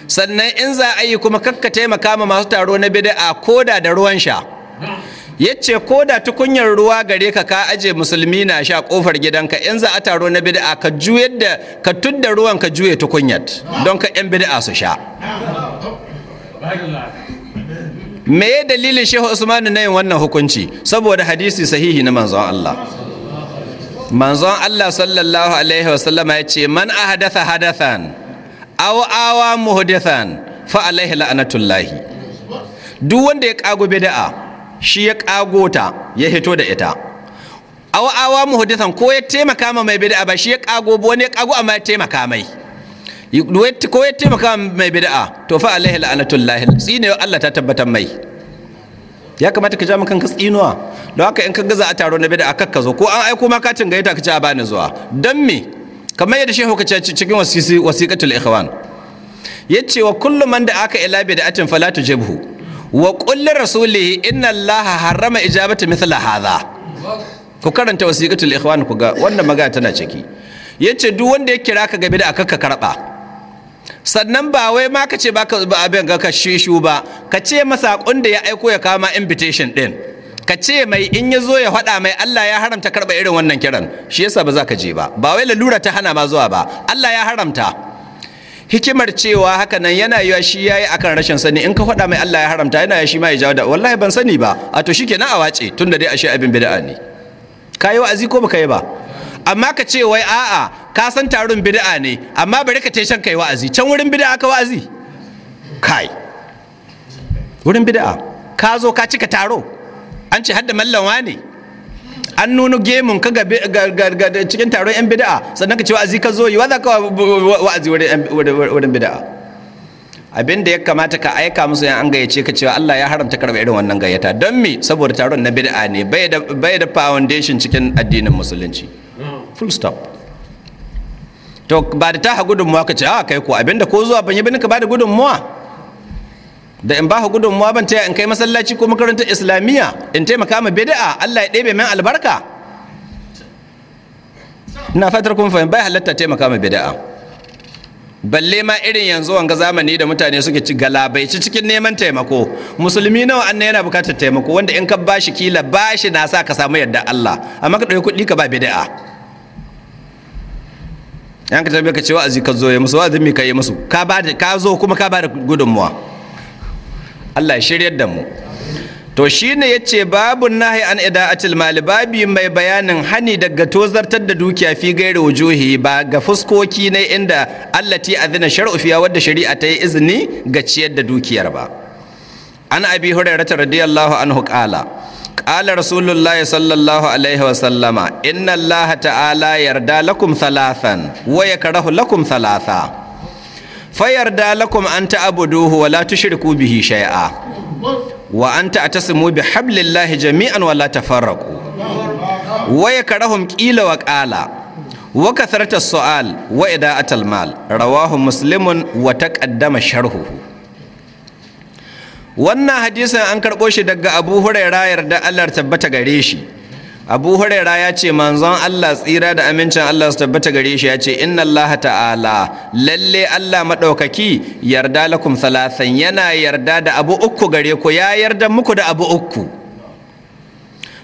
S1: sannan in za a yi kuma kakka taimaka ma masu taro na bida ko da da ruwan sha yace ko da tukunyar ruwa gare ka ka aje musulmi na sha kofar gidanka in za a taro na bid'a ka juyar da ka tudda ruwan ka juye tukunyar don ka yan bid'a su sha me ya dalilin shehu usmanu na yin wannan hukunci saboda hadisi sahihi na manzon Allah manzon Allah sallallahu alaihi wasallama ya ce man ahadatha hadathan aw awa muhdathan fa alaihi la'natullahi duk wanda ya kago bid'a shi ya ƙago ta ya hito da ita awa awa muhaddisan ko ya taimaka ma mai bid'a ba shi ya ƙago ba wani ya ƙago amma ya taimaka mai ko ya taimaka mai bid'a to fa alaihi la'anatul lahil tsine Allah ta tabbatar mai ya kamata ka ja maka kanka tsinuwa don haka in ka gaza a taro na bid'a kakka zo ko an aiko ma ka gayyata ka ci a bani zuwa dan me kamar yadda shehu ka ce cikin wasiƙatul ikhwan yace wa kullu man da aka ila bid'atin fala tujibhu wa kulli rasulihi inna allaha harrama ijabata mithla hadha ku karanta wasiqatul ikhwan ku ga wannan magana tana ciki yace duk wanda ya kira ka game da aka karba sannan ba wai ma ka ce ba abin ga ka shishu ba ka ce masa da ya aiko ya kama invitation din ka ce mai in ya zo ya faɗa mai Allah ya haramta karba irin wannan kiran shi yasa ba za ka je ba ba wai lalura ta hana ma zuwa ba Allah ya haramta hikimar cewa haka nan yana yiwa shi yayi akan rashin sani in ka faɗa mai Allah ya haramta yana yashi ma ya jawo da wallahi ban sani ba a to na a wace tunda dai ashe abin bid'a ne ka yi wa'azi ko baka yi ba amma ka ce wai a'a ka san taron bid'a ne amma bari ka shan kai wa'azi can wurin bid'a ka wa'azi kai wurin bid'a ka zo ka cika taro an ce hadda mallan wane an nuno gemun ka ga cikin taron yan bida'a sannan ka ce wa'azi ka zo yi ka wa'azi wurin bida'a. abin da ya kamata ka aika musu yan an gayyace ka cewa Allah ya haramta karɓa irin wannan gayyata don me saboda taron na bid'a ne bai da foundation cikin addinin musulunci full stop to ba da ta ha gudunmuwa ka ce a ah, kai ko abinda ko zuwa ban yi bin ka ba da gudunmuwa da in ba gudunmuwa ban taya in kai masallaci ko makarantar islamiyya in taimaka ma bid'a Allah ya ɗebe min albarka ina fatar kun fahimta bai halatta taimaka ma bid'a balle ma irin yanzu wanga zamani da mutane suke ci galabaici cikin neman taimako musulmi nawa an yana bukatar taimako wanda in ka bashi kila bashi na sa ka samu yadda Allah amma ka ɗauki kuɗi ka ba bid'a yanka tabbai ka ce wa'azi ka zo musu wa'azi mi ka yi musu ka zo kuma ka ba da gudunmuwa Allah shiryar da mu to shine yace babu nahi an ida'atil mali babi mai bayanin hani daga tozartar da dukiya fi gairi wujuhi ba ga fuskoki ne inda allah ti azina shar'u fiya wadda shari'a ta yi izini ga ciyar da dukiyar ba an abi hurairah radiyallahu anhu qala Kala رسول sallallahu alaihi wa sallama. Inna إن ta'ala yarda lakum لكم ثلاثا ويكره lakum fayar da lakum an ta'buduhu wa la tushriku bihi shai'a, wa an ta'tasimu bi hablillahi jami'an wa la tafarraqu wa yakrahum qila wa qala wa kathrata su'al wa a mal rawahu muslimun wa taqaddama sharhuhu wannan hadisin an karɓo shi daga abu rayar yarda allah tabbata gare shi abu huraira ya ce manzon allah tsira da amincin allah su tabbata gare shi ya ce inna allah ta'ala lalle allah maɗaukaki yarda lakum salasan yana yarda da abu uku gare ku ya yarda muku da abu uku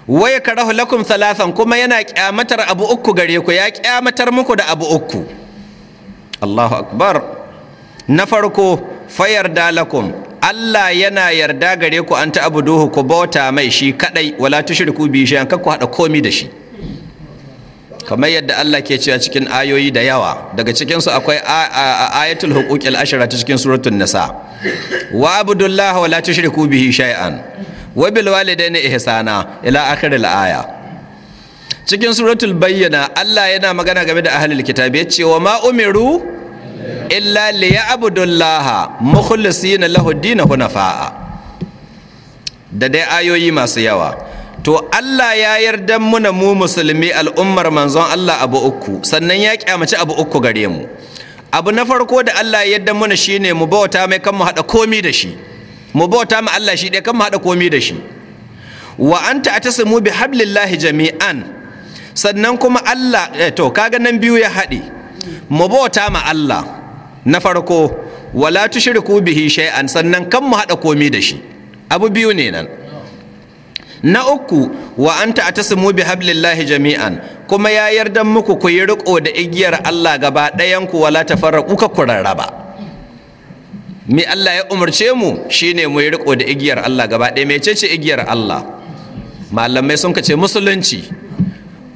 S1: waya karahu lakum salasan kuma yana kyamatar abu uku gare ku ya kyamatar muku da abu uku allahu akbar na farko fayar da lakum Allah yana yarda gare ku an ta'buduhu ku bauta mai shi kadai wala tushriku bi an kakku hada komi da shi kamar yadda Allah ke cewa cikin ayoyi da yawa daga cikin su akwai ayatul huquqil ashra cikin suratul nisa wa abudullahi wala tushriku bi shay'an wa bil walidayni ihsana ila akhiril aya cikin suratul bayyana Allah yana magana game da ahlul kitabi ya ce wa ma umiru illa liya'budullaha mukhlisina lahu na hunafa'a da dai ayoyi masu yawa to Allah ya yarda muna mu musulmi al'ummar manzon Allah abu uku sannan ya kyamaci abu uku gare mu abu na farko da Allah ya yarda muna shine mu bauta mai kan hada komi da shi mu bauta ma Allah shi ɗaya kan hada komi da shi wa anta mu bi hablillahi jami'an sannan kuma Allah eh, to kaga nan biyu ya haɗe mu bauta ma Allah na farko wala tushriku bihi shay'an sannan kan mu hada komi da shi abu biyu ne nan na uku wa anta atasmu bi hablillahi jami'an kuma ya yarda muku ku yi riko da igiyar Allah gaba ɗayan ku wala tafarraqu ka ba me Allah ya umarce mu shine mu yi riko da igiyar Allah gaba ɗaya mecece igiyar Allah malamai sun kace musulunci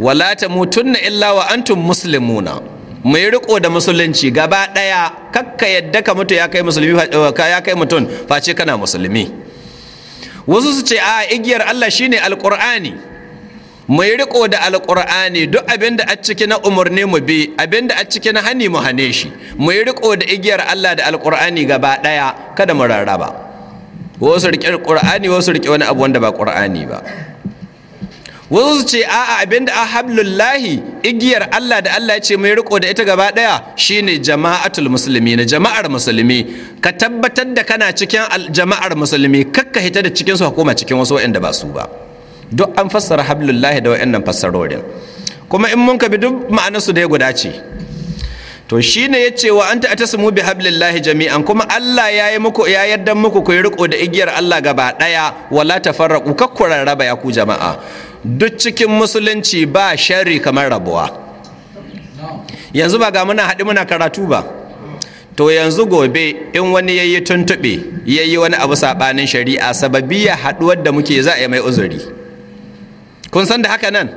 S1: wala tamutunna illa wa antum muslimuna mai riko da musulunci gaba daya kakka yadda ka mutu ya kai musulmi ya kai mutum face kana musulmi wasu su ce a igiyar Allah shine alqur'ani mai riko da alqur'ani duk abin a ciki na umarni mu bi abin a ciki na hani mu hane shi mai riko da igiyar Allah da alqur'ani gaba daya kada mu rarraba wasu rike Alƙur'ani, wasu rike wani abu wanda ba qur'ani ba wasu su ce a'a abinda a hablullahi igiyar Allah da Allah ya ce mai riko da ita gaba daya shine jama'atul musulmi na jama'ar musulmi ka tabbatar da kana cikin jama'ar musulmi kakka hita da cikin su koma cikin wasu waɗanda ba su ba duk an fassara hablullahi da waɗannan fassarorin kuma in mun ka bi duk ma'anar su da ya guda ce to shine ya ce wa ta atasmu bi hablillahi jami'an kuma Allah ya yi muku ya yarda muku ku yi riko da igiyar Allah gaba daya wala tafarraqu kakku raba ya ku jama'a duk cikin musulunci ba shari kamar rabuwa yanzu ba ga muna haɗi muna karatu ba to yanzu gobe in wani ya yi tuntuɓe ya yi wani abu saɓanin shari'a ya haɗuwar da muke za a mai uzuri kun san da haka nan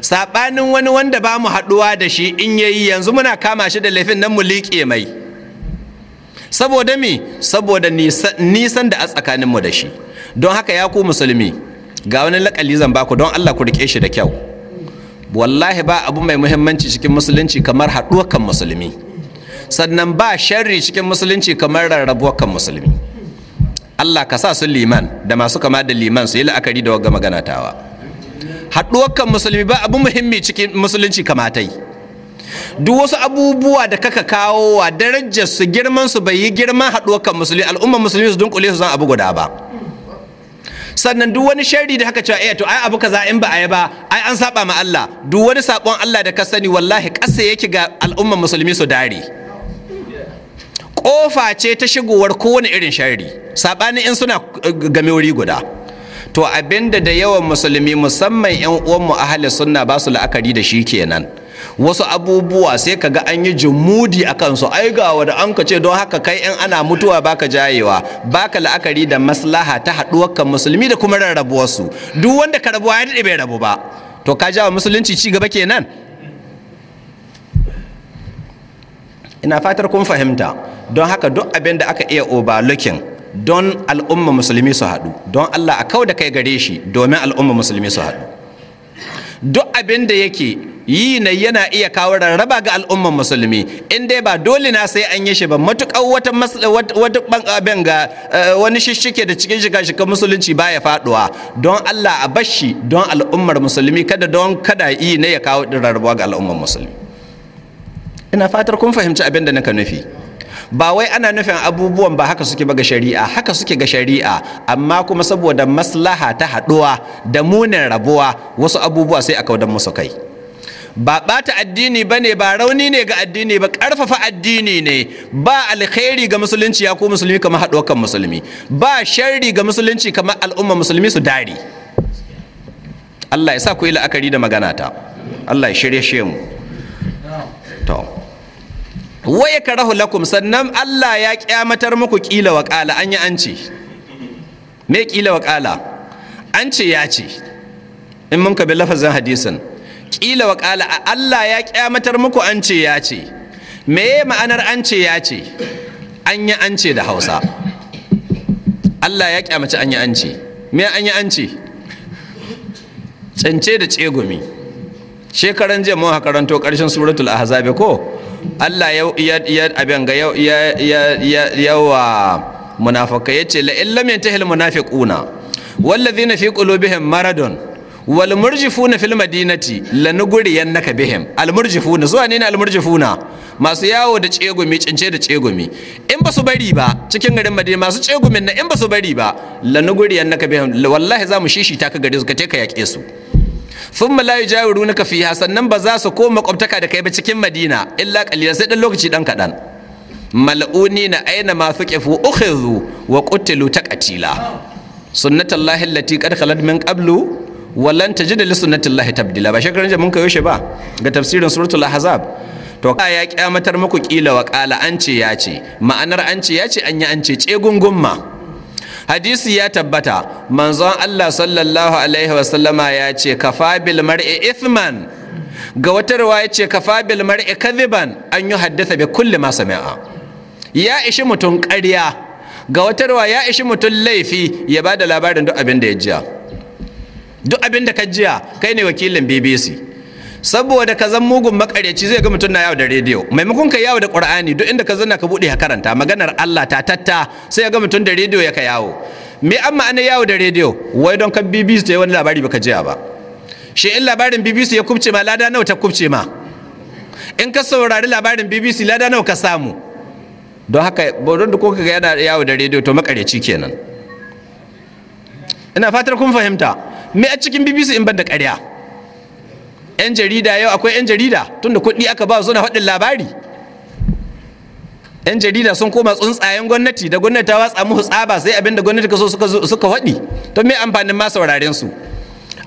S1: saɓanin wani wanda ba mu haɗuwa da shi in ya yi yanzu muna kama shi da laifin nan mu liƙe mai saboda me saboda nisan da a tsakanin mu da shi don haka ya ku musulmi ga wani lakali zan baku don Allah ku rike shi da kyau wallahi ba abu mai muhimmanci cikin musulunci kamar haɗuwar kan musulmi sannan ba sharri cikin musulunci kamar rarrabuwar kan musulmi Allah ka sa su liman da masu kama da liman su yi la'akari da wagga magana tawa haɗuwar kan musulmi ba abu muhimmi cikin musulunci kamatai duk wasu abubuwa da kaka kawo wa darajar su girman su bai yi girman haɗuwar kan musulmi al'ummar musulmi su dunkule su zan abu guda ba sannan duk wani sharri da haka cewa eh, to ai abu kaza in ba a yi ba ai an saba ma Allah duk wani sakon Allah da ka sani wallahi kasa yake ga al'ummar musulmi su dare kofa ce ta shigowar kowane irin sharri sabanin in suna eh, game wuri guda to abinda da yawan musulmi musamman yan uwanmu a sunna ba su la'akari da shi kenan wasu abubuwa sai ka ga an yi jumudi a kansu ai ga wada an ka ce don haka kai in ana mutuwa baka jayewa baka la'akari da maslaha ta haɗuwar kan musulmi da kuma rarrabuwar su duk wanda ka rabuwa ya daɗe bai rabu ba to ka jawo musulunci ci gaba kenan ina fatar kun fahimta don haka duk abin da aka iya overlooking don al'umma musulmi su haɗu don Allah a kau da kai gare shi domin al'umma musulmi su haɗu duk abin da yake yi na yana iya kawo rarraba ga al'ummar musulmi in dai ba dole na sai an yi shi ba matukar wata wata abin ga eh, wani shishike da cikin shiga shiga musulunci ba ya faduwa don Allah a bashi don al'ummar musulmi kada don kada yi na ya kawo rarraba ga al'ummar musulmi ina fatar kun fahimci abin da naka nufi ba wai ana nufin abubuwan ba haka suke ba ga shari'a haka suke ga shari'a amma kuma saboda maslaha ta haɗuwa da munin rabuwa wasu abubuwa sai a kaudan musu kai ba ɓata addini ba ne ba rauni ne ga addini ba ƙarfafa addini ne ba alkhairi ga musulunci ya ko musulmi kamar haɗuwar kan musulmi ba sharri ga musulunci kamar al'umma musulmi su dari Allah ya sa ku yi la'akari da maganata Allah ya shirye shemu to wa rahu lakum sannan Allah ya kyamatar muku kila wa kala an yi an ce me kila wa kala an ce ya ce in mun kabi lafazin hadisin kila wa kala Allah ya kyamatar muku an ce ya ce me ma'anar an ce ya ce an yi an ce da Hausa Allah ya kyamaci an yi an ce me an yi an ce cance da tsegumi shekaran jiya mun karanto karshen suratul ahzabi ko Allah ya ya abin ga ya ya ya wa munafika yace la fi yantahil munafiquna wallazina fi qulubihim maradun wal murjifuna fil madinati naka bihim al murjifuna zuwa ne al murjifuna masu yawo da tsegumi cince da tsegumi in ba su bari ba cikin garin madina masu tsegumin na in ba su bari ba naka bihim wallahi za mu shishi ta ka gare su ka te ka yaƙe su thumma la yujawirunaka fiha sannan ba za su ko kwabtaka da kai ba cikin madina illa qalilan sai ɗan lokaci dan kaɗan. mal'uni na aina ma thuqifu ukhidhu wa qutilu taqatila sunnatullahi allati qad khalat min qablu walan tajida li sunnatillahi tabdila ba shekaran mun kayo yaushe ba ga tafsirin suratul ahzab to ka ya kyamatar muku kila wa ƙala an ce ya ce ma'anar an ce ya ce an yi an ce ce hadisi ya tabbata manzon Allah sallallahu alaihi wasallama ya ce kafa bil mar'i ithman ga wata riwaya ce kafa bil mar'i kadhiban an yi haddasa bi kulli ma sami'a ya ishi mutum ƙarya ga wata riwaya ya ishi mutum laifi ya bada labarin duk abin da ya jiya duk abin da ka jiya kai ne wakilin BBC saboda ka zan mugun makaryaci zai ga mutum na yawo da rediyo maimakon ka yawo da qur'ani duk inda ka zanna ka bude ka karanta maganar Allah ta tatta sai ga mutum da rediyo ya ka yawo me amma ana yawo da rediyo wai don ka BBC ta wani labari baka jiya ba shi in labarin BBC ya kubce ma lada nawa ta kubce ma in ka saurari labarin BBC lada nawa ka samu don haka don da kuka ga yana yawo da rediyo to makaryaci kenan ina fatar kun fahimta me a cikin BBC in ban da ƙarya 'yan jarida yau akwai 'yan jarida tunda kuɗi aka ba suna faɗin labari 'yan jarida sun koma tsuntsayen gwamnati da gwamnati ta watsa musu tsaba sai abin da gwamnati ka so suka faɗi to me amfanin ma wararen su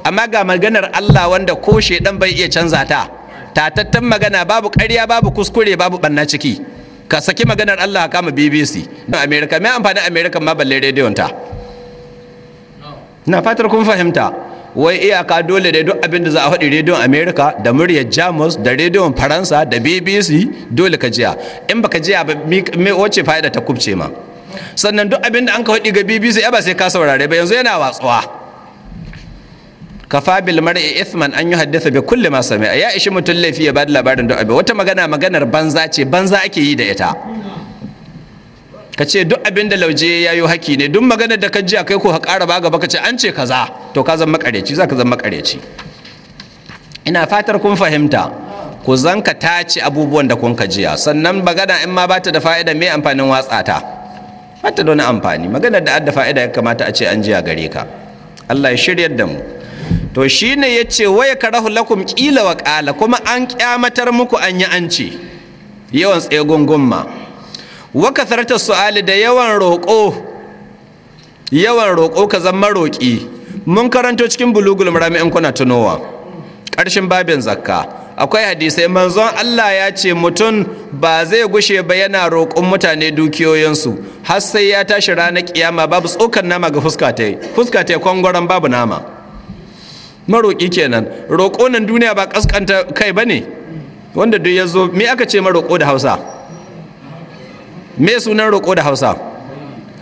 S1: amma ga maganar Allah wanda ko shedan bai iya canza ta tatattan magana babu ƙarya babu kuskure babu ɓanna ciki ka saki maganar Allah kama BBC Amerika me amfanin Amerika ma balle rediyon ta na fatar kun fahimta wai iyaka dole da duk abin da za a faɗi rediyon Amerika da muryar jamus da rediyon faransa da bbc dole ka jiya in baka jiya ba wace fa'ida ta kubce ma sannan duk abin da an ka faɗi ga bbc ya ba sai ka saurare ba yanzu yana watsuwa kafa bil mar'i ithman an yuhaddisa bi kulli ma sami'a ya ishi mutum laifi ya da labarin duk abin wata magana maganar banza ce banza ake yi da ita ka ce duk abin da lauje ya yi haki ne duk magana da ka ji a kai ko ka ƙara ba gaba ka ce an ce kaza to ka zama makareci za ka zama makareci ina fatar kun fahimta ku zanka tace abubuwan da kun kajiya sannan magana in ma bata da fa'ida mai amfanin watsa ta bata da wani amfani magana da adda fa'ida ya kamata a ce an jiya gare ka Allah ya shiryar da mu to shine yace waya karahu lakum qila wa qala kuma an kyamatar muku an yi an ce yawan tsaye ma wa kasarta su'ali da yawan roƙo yawan roƙo ka zama roƙi mun karanto cikin bulugul murami in kuna tunowa ƙarshen babin zakka akwai hadisai manzon Allah ya ce mutum ba zai gushe ba yana roƙon mutane dukiyoyinsu har sai ya tashi ranar kiyama babu tsokan nama ga fuska ta yi fuska ta yi kwangwaron babu nama maroƙi kenan roƙo duniya ba ƙasƙanta kai ba ne wanda duk ya zo me aka ce maroƙo da hausa me sunan roƙo da hausa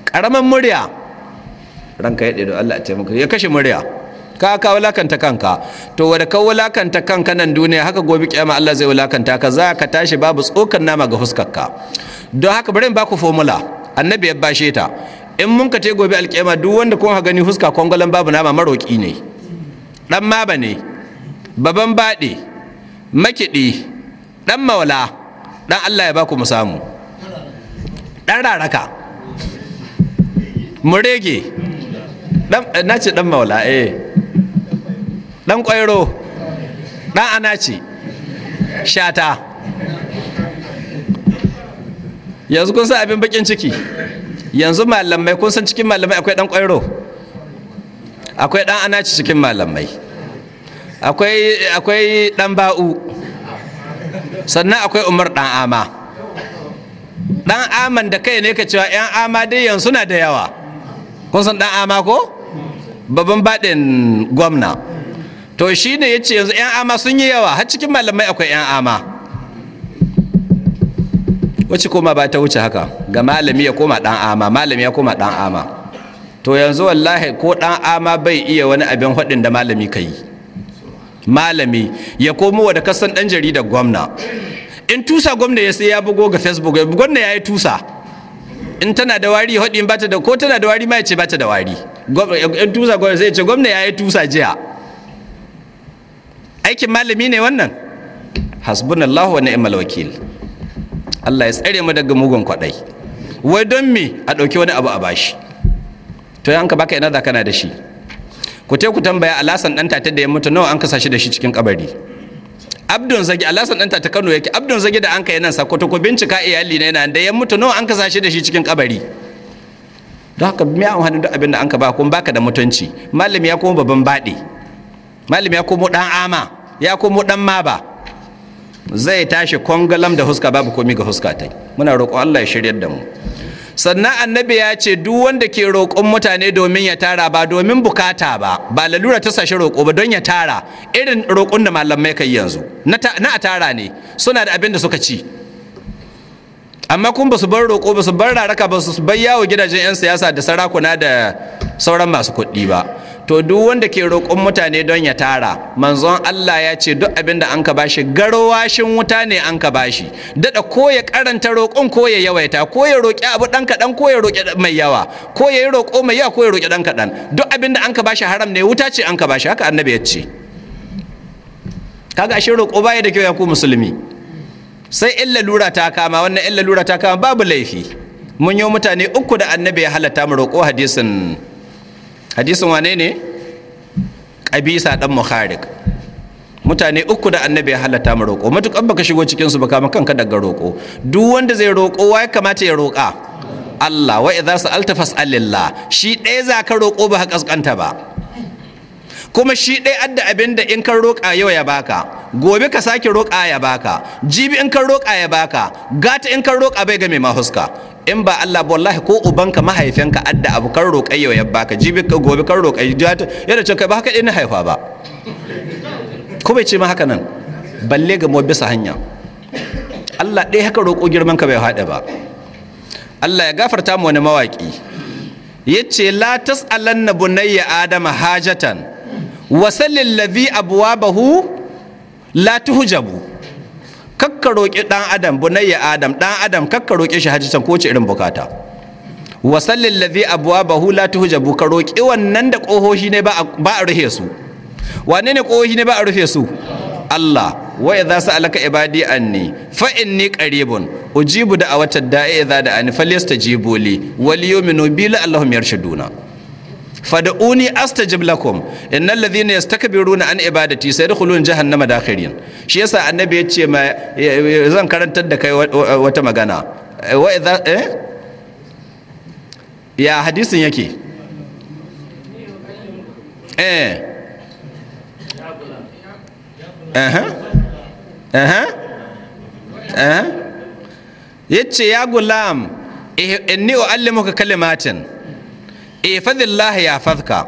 S1: ƙaramin murya ranka ya ɗaiɗo allah taimaka ya kashe murya ka ka wulakanta kanka to wada ka wulakanta kanka nan duniya haka gobe kiyama allah zai wulakanta ka za ka tashi babu tsokan nama ga fuskarka don haka bari in baku fomula annabi ya bashe ta in mun ka gobe alkiyama duk wanda kun ha gani huska kwangwalan babu nama maroƙi ne dan ba ne baban baɗe makiɗi dan mawala dan allah ya baku mu samu ɗan raraka murege eh, na ce ɗan maula eh ɗan ƙwairo ɗan anaci shata yanzu kun san abin bakin ciki yanzu malamai kun san cikin malamai akwai ɗan ƙwairo akwai ɗan anaci cikin malamai akwai ɗan ba'u sannan akwai umar ɗan ama dan aman da kai ne ka cewa yan ama dai yanzu na da yawa kun san dan ama ko babban baɗin gwamna to shi ne ya ce yanzu yan ama sun yi yawa har cikin malamai akwai yan ama wacce koma ba ta wuce haka ga malami ya koma dan ama malami ya koma dan ama to yanzu wallahi ko dan ama bai iya wani abin hudin da malami ka yi malami ya komo da kasan ɗan jaridar gwamna in tusa gwamna ya sai ya bugo ga facebook ya gwamna ya yi tusa in tana da wari haɗin bata da ko tana da wari ma ya ce bata da wari in tusa gwamna sai ya ce gwamna ya yi tusa jiya aikin malami ne wannan hasbunallahu wa ni'mal wakil Allah ya tsare mu daga mugun kwadai wai don me a ɗauki wani abu a bashi to yanka baka ina da kana da shi ku te ku tambaya alasan dan tatar da ya mutu nawa an kasa shi da shi cikin kabari abdon zage alasan ɗanta ta kano yake abdon zage da anka yana nan sakkwato ko bincika iyali na yana da ya mutu nawa an kasa da shi cikin kabari don haka me an hannun duk abin da an ba kuma baka da mutunci mallam ya komo babban baɗi mallam ya komo dan ama ya komo ma maba zai tashi kongalam da huska babu komi ga huska tai muna roƙo allah ya shiryar da mu sannan annabi ya ce duk wanda ke roƙon mutane domin ya tara ba domin bukata ba ba lalura ta sashi roƙo ba don ya tara irin roƙon da malamai kai yanzu na a tara ne suna da abin da suka ci amma kun ba su bar roƙo ba su bar raraka ba su bar yawo gidajen 'yan siyasa da sarakuna da sauran masu kuɗi ba to duk wanda ke roƙon mutane don ya tara manzon Allah ya ce duk abin da an ka bashi garwashin wuta ne an ka bashi dada ko ya karanta roƙon ko ya yawaita ko ya roƙi abu dan kaɗan ko ya roƙi mai yawa ko ya yi roƙo mai yawa ko ya roƙi dan kaɗan duk abin da an ka bashi haram ne wuta ce an ka bashi haka annabi ya ce kaga ashe roƙo baya da kyau ya ku musulmi sai illa lura ta kama wannan illa lura ta kama babu laifi mun yi mutane uku da annabi ya halatta mu roƙo hadisin hadisin wane ne ƙabisa ɗan muharik mutane uku da annabi ya halatta mu roƙo matuƙar baka shigo cikin su baka kanka daga roƙo duk wanda zai roƙo wa ya kamata ya roƙa Allah wa idza sa'alta fas'alillah shi ɗaya za ka roƙo ba kaskanta ba kuma shi ɗaya adda abin da in kan roƙa yau ya baka gobe ka sake roƙa ya baka jibi in kan roƙa ya baka gata in kan roƙa bai ga mai mahuska in ba Allah ba wallahi ko ubanka mahaifinka adda abu kan roƙayyo ya baka jibi gobe kan roƙayyo Yadda ce kai ba haka ina haifa ba ko bai ce ma haka nan balle ga mu bisa hanya Allah ɗaya haka roƙo girman ka bai haɗa ba Allah ya gafarta mu wani mawaƙi ya ce la tas'alanna bunayya adama hajatan wa sallil ladhi bahu la tuhjabu kakka roƙi ɗan adam bunayya adam ɗan adam kakka roƙe shi hajjisan ko ce irin bukata wa sallil ladhi abwabahu la tuhjabu ka roƙi wannan da ƙohoshi ne ba a rufe su wane ne ƙohoshi ne ba a rufe su Allah wa idza sa'alaka ibadi anni fa inni qaribun ujibu da a awatad da'i idza da'ani falyastajibu li wal yu'minu bi allahum yarshuduna fad'uni astajib lakum innal ladhina yastakbiruna an ibadati sayadkhuluna jahannama dakhirin shi yasa annabi yace ma zan karantar da kai wata magana wa idza eh ya hadisin yake eh eh eh eh yace ya gulam inni uallimuka kalimatin ifadin e, laha ya fafka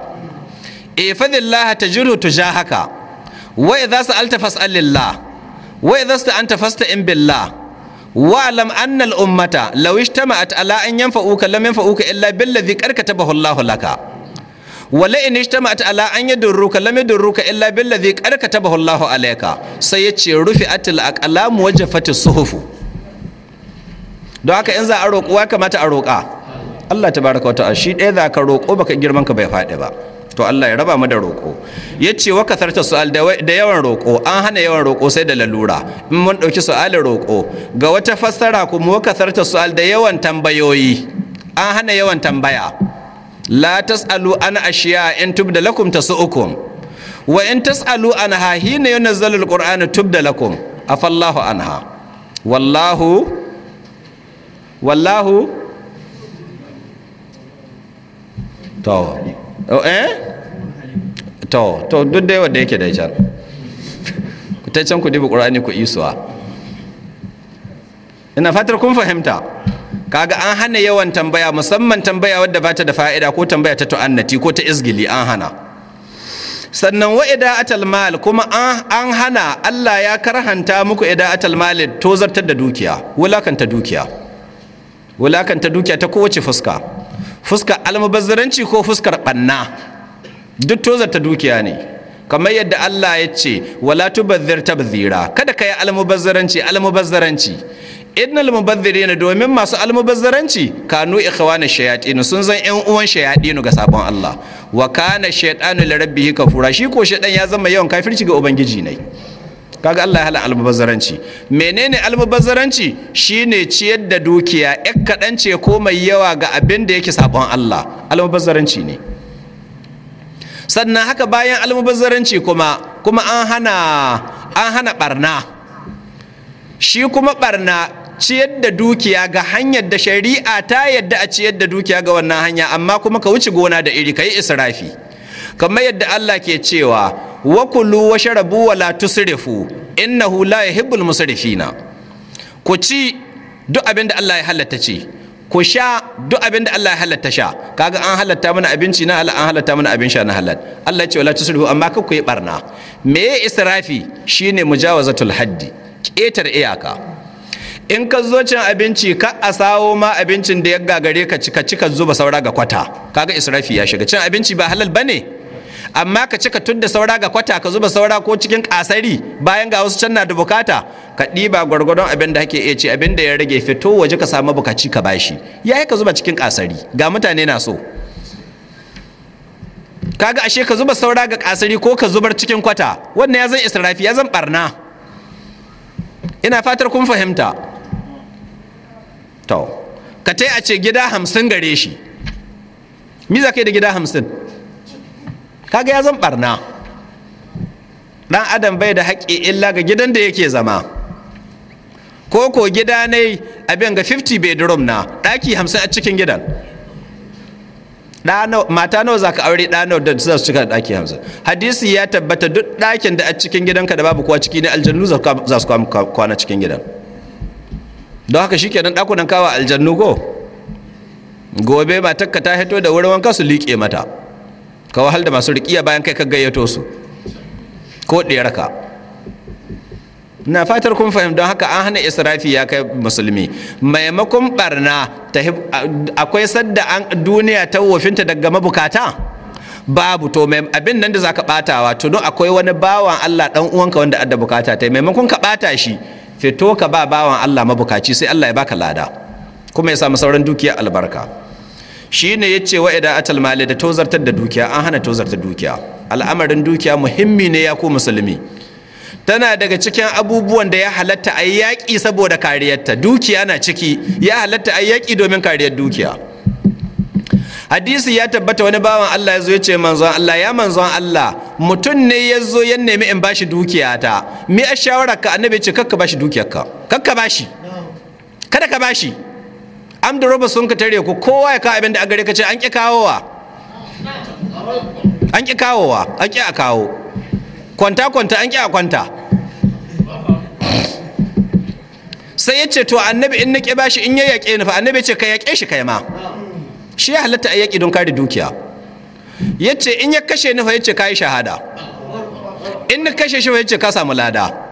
S1: ifadin e, laha ta jiru tu haka wai za su alta fasalilla wai za su anta fasta in billa wa lam anna al ummata law ishtama at ala an yanfa uka lam yanfa uka illa billadhi karkata bahu allah laka wa la in ishtama at ala an yadurru ka lam yadurru ka illa billadhi karkata bahu allah alayka sai yace rufi atil aqlam wajafat as suhuf don haka in za a roƙuwa kamata a roƙa Allah ta baraka wata shi ɗaya za ka roƙo baka girman ka bai faɗi ba to Allah ya raba mu da roƙo ya ce wa kasarta su'al da yawan roƙo an hana yawan roƙo sai da lalura in mun ɗauki su'alin roƙo ga wata fassara kuma wa kasarta su'al da yawan tambayoyi an hana yawan tambaya la tas'alu an ashiya in tubda lakum tasu'ukum wa in tas'alu an ha hina yunzalu alqur'anu tubda lakum afallahu anha wallahu wallahu to eh to to duk dai wanda yake dai can ku ta can ku dubi ƙura'ani ku isuwa ina fatar kun fahimta kaga an hana yawan tambaya musamman tambaya wadda ba ta da fa'ida ko tambaya ta tu'annati ko ta izgili an hana sannan wa ida'atul mal kuma an hana Allah ya karhanta muku ida'atul mal tozartar da dukiya wulakanta dukiya wulakanta dukiya ta kowace fuska fuskar almubazzaranci ko fuskar ɓanna duk tozarta dukiya ne kamar yadda Allah ya ce wala tubazzir tabzira kada ka yi almubazzaranci almubazzaranci innal ne domin masu almubazzaranci kanu ikhwana shayatin sun zan yan uwan shayatin ga sabon Allah wa kana shaytanu lirabbihi kafura shi ko shaytan ya zama yawan kafirci ga ubangiji ne kaga Allah ya hana almubazzaranci menene almubazzaranci shine ciyar da dukiya yak kaɗan ce ko mai yawa ga abin da yake sabon Allah almubazzaranci ne sannan haka bayan almubazzaranci kuma kuma an hana an hana barna shi kuma barna ciyar da dukiya ga hanyar da shari'a ta yadda a ciyar da dukiya ga wannan hanya amma kuma ka wuce gona da iri ka yi israfi kamar yadda Allah ke cewa wakulu wa sharabu wa la tusrifu innahu la yuhibbul musrifina ku ci duk abin da Allah ya halatta ci ku sha duk abin da Allah ya halatta sha kaga an halatta mana abinci na halal an halatta mana abin sha na halal Allah ya ce wala tusrifu amma ka ku yi barna ya israfi shine mujawazatul haddi ketar iyaka in ka zo cin abinci ka a ma abincin da ya gagare ka cika cika zuba saura ga kwata kaga israfi ya shiga cin abinci ba halal bane amma ka cika tun da saura ga kwata ka zuba saura ko cikin kasari bayan ga wasu can na da bukata ka ɗiba gwargwadon abin da kake iya abin da ya rage fito waje ka samu bukaci ka bashi Ya yi ka zuba cikin kasari ga mutane na so kaga ashe ka zuba saura ga kasari ko ka zubar cikin kwata wannan ya zan israfi ya zan barna ina fatar kun fahimta to ka tai a ce gida hamsin gare shi miza kai da gida hamsin kaga ya zan barna dan adam bai da haƙƙi illa ga gidan da yake zama ko ko gida ne abin ga 50 bedroom na ɗaki 50 a cikin gidan mata nawa za ka aure ɗana da za su cika da ɗaki hamsin hadisi ya tabbata duk ɗakin da a cikin gidanka da babu kowa ciki ne aljannu za su kwana cikin gidan don haka shi nan ɗakunan kawa aljannu ko gobe takka ta hito da wurin wanka su liƙe mata ka wahal da masu riƙiya bayan kai ka gayyato su ko ɗiyarka na fatar kun fahim don haka an hana israfi ya kai musulmi maimakon barna akwai sadda an duniya ta wofinta daga mabukata babu to abin nan da zaka batawa to don akwai wani bawan Allah dan uwanka wanda adda bukata ta maimakon ka bata shi fito ka ba bawan Allah mabukaci sai Allah ya baka lada kuma ya samu sauran dukiya albarka shine yace wa ida atal mali da tozartar da dukiya an hana tozartar dukiya al'amarin dukiya muhimmi ne ya ko musulmi tana daga cikin abubuwan da ya halatta a yaƙi saboda kariyarta dukiya na ciki ya halatta a yaƙi domin kariyar dukiya hadisi ya tabbata wani bawan Allah ya zo ya ce manzon Allah ya manzon Allah mutum ne ya zo ya nemi in bashi dukiya ta me a shawarar ka annabi ce kakka bashi dukiyarka kakka bashi kada ka bashi am da roba sun ka tare ku kowa ya kawo abin da agare ka ce an ƙi kawowa an ƙi kawowa an ƙi a kawo kwanta kwanta an ƙi a kwanta sai ya ce to annabi in na ƙi bashi in ya yaƙe ni fa annabi ce ka yaƙe shi kai ma shi ya halatta a yaƙi don kare dukiya ya ce in ya kashe ni fa ya ce ka yi shahada in na kashe shi fa ya ce ka samu lada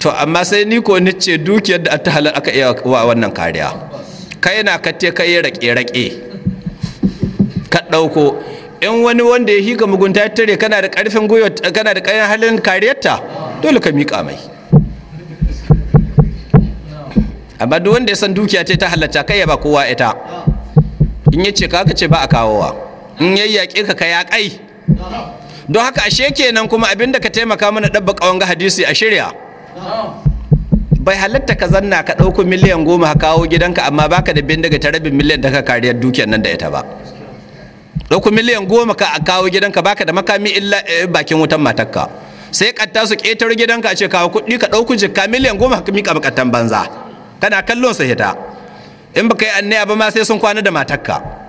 S1: to amma sai ni ko ni ce dukiyar da ta halar aka iya wannan kariya kai na ka te kai rake-rake ka ɗauko in wani wanda ya higa mugunta ya tare kana da ƙarfin gwiwa kana da kayan halin kariyarta dole ka miƙa mai amma duk wanda ya san dukiya ta halarta kai ya ba kowa ita in ya ce ka ce ba a kawowa in yayyake ka ka yaƙai don haka ashe kenan kuma abinda ka taimaka mana dabba ƙawan ga hadisi a shirya bai halatta ka zanna ka ɗauko miliyan goma ka kawo gidanka amma baka da bindiga ta rabin miliyan da ka kariyar dukiyar nan da ita ba ɗauko miliyan goma ka kawo gidanka baka da makami illa eh, bakin wutan matakka sai katta su ƙetare gidanka a ce kawo kuɗi ka ɗauko jikka miliyan goma ka miƙa banza kana kallon su hita in baka yi annaya ba ma sai sun kwana da matakka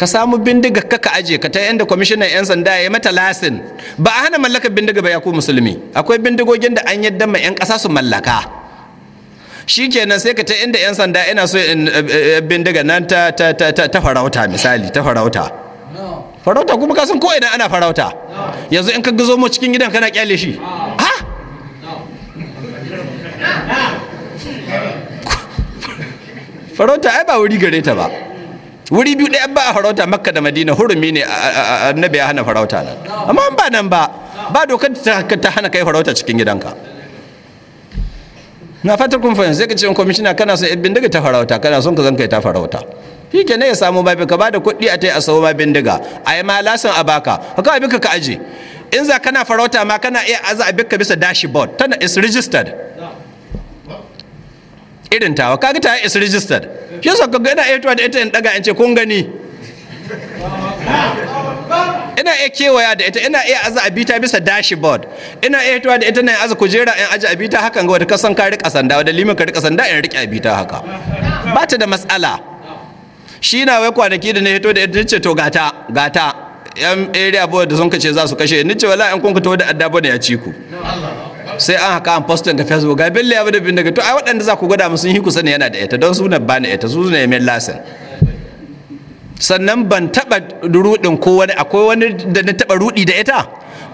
S1: ka samu bindiga kaka ka aje ka ta yanda kwamishinan yan sanda ya mata lasin ba a hana mallakar bindiga ba ya ku musulmi akwai bindigogin da an yadda ma yan ƙasa su mallaka shikenan sai ka ta inda yan sanda ina so eh, eh, eh, bindiga nan ta farauta misali ta farauta farauta kuma kasan ko idan ana farauta yanzu in ka gizo mu cikin gidan kana kyale shi farauta ai ba wuri gare ta ba wuri biyu ɗaya ba a farauta makka da madina hurumi ne annabi ya hana farauta nan amma ba nan ba ba dokar ta hana kai farauta cikin gidanka na fatar kun fahimta sai ka ce in kwamishina kana son yan bindiga ta farauta kana son ka zan ta farauta shi ke ya samu babi ka bada kuɗi a tai a sawo ma bindiga a yi ma a baka kawai bika ka aje in za kana farauta ma kana iya aza a ka bisa dashboard tana is registered irin tawa kaga ta is registered shi sa kaga ina iya da ita in daga in ce kun gani ina iya kewaya da ita ina iya aza abita bisa dashboard ina iya tuwa da ita na aza kujera in aji abita hakan ga wata ka san ka rika sanda wadda limin ka rika sanda in rike abita haka ba ta da matsala shi na wai kwanaki da na hito da ita ce to gata gata yan area board da sun kace za su kashe ni ce wala in kun ka to da addabo da ya ci ku sai an haka an postin ga facebook ga bille ya bin bindiga to ai waɗanda za ku gwada mu sun yi ku sani yana da ita don suna ba ni ita su ne mai lasin sannan ban taɓa ruɗin ko wani akwai wani da na taɓa ruɗi da ita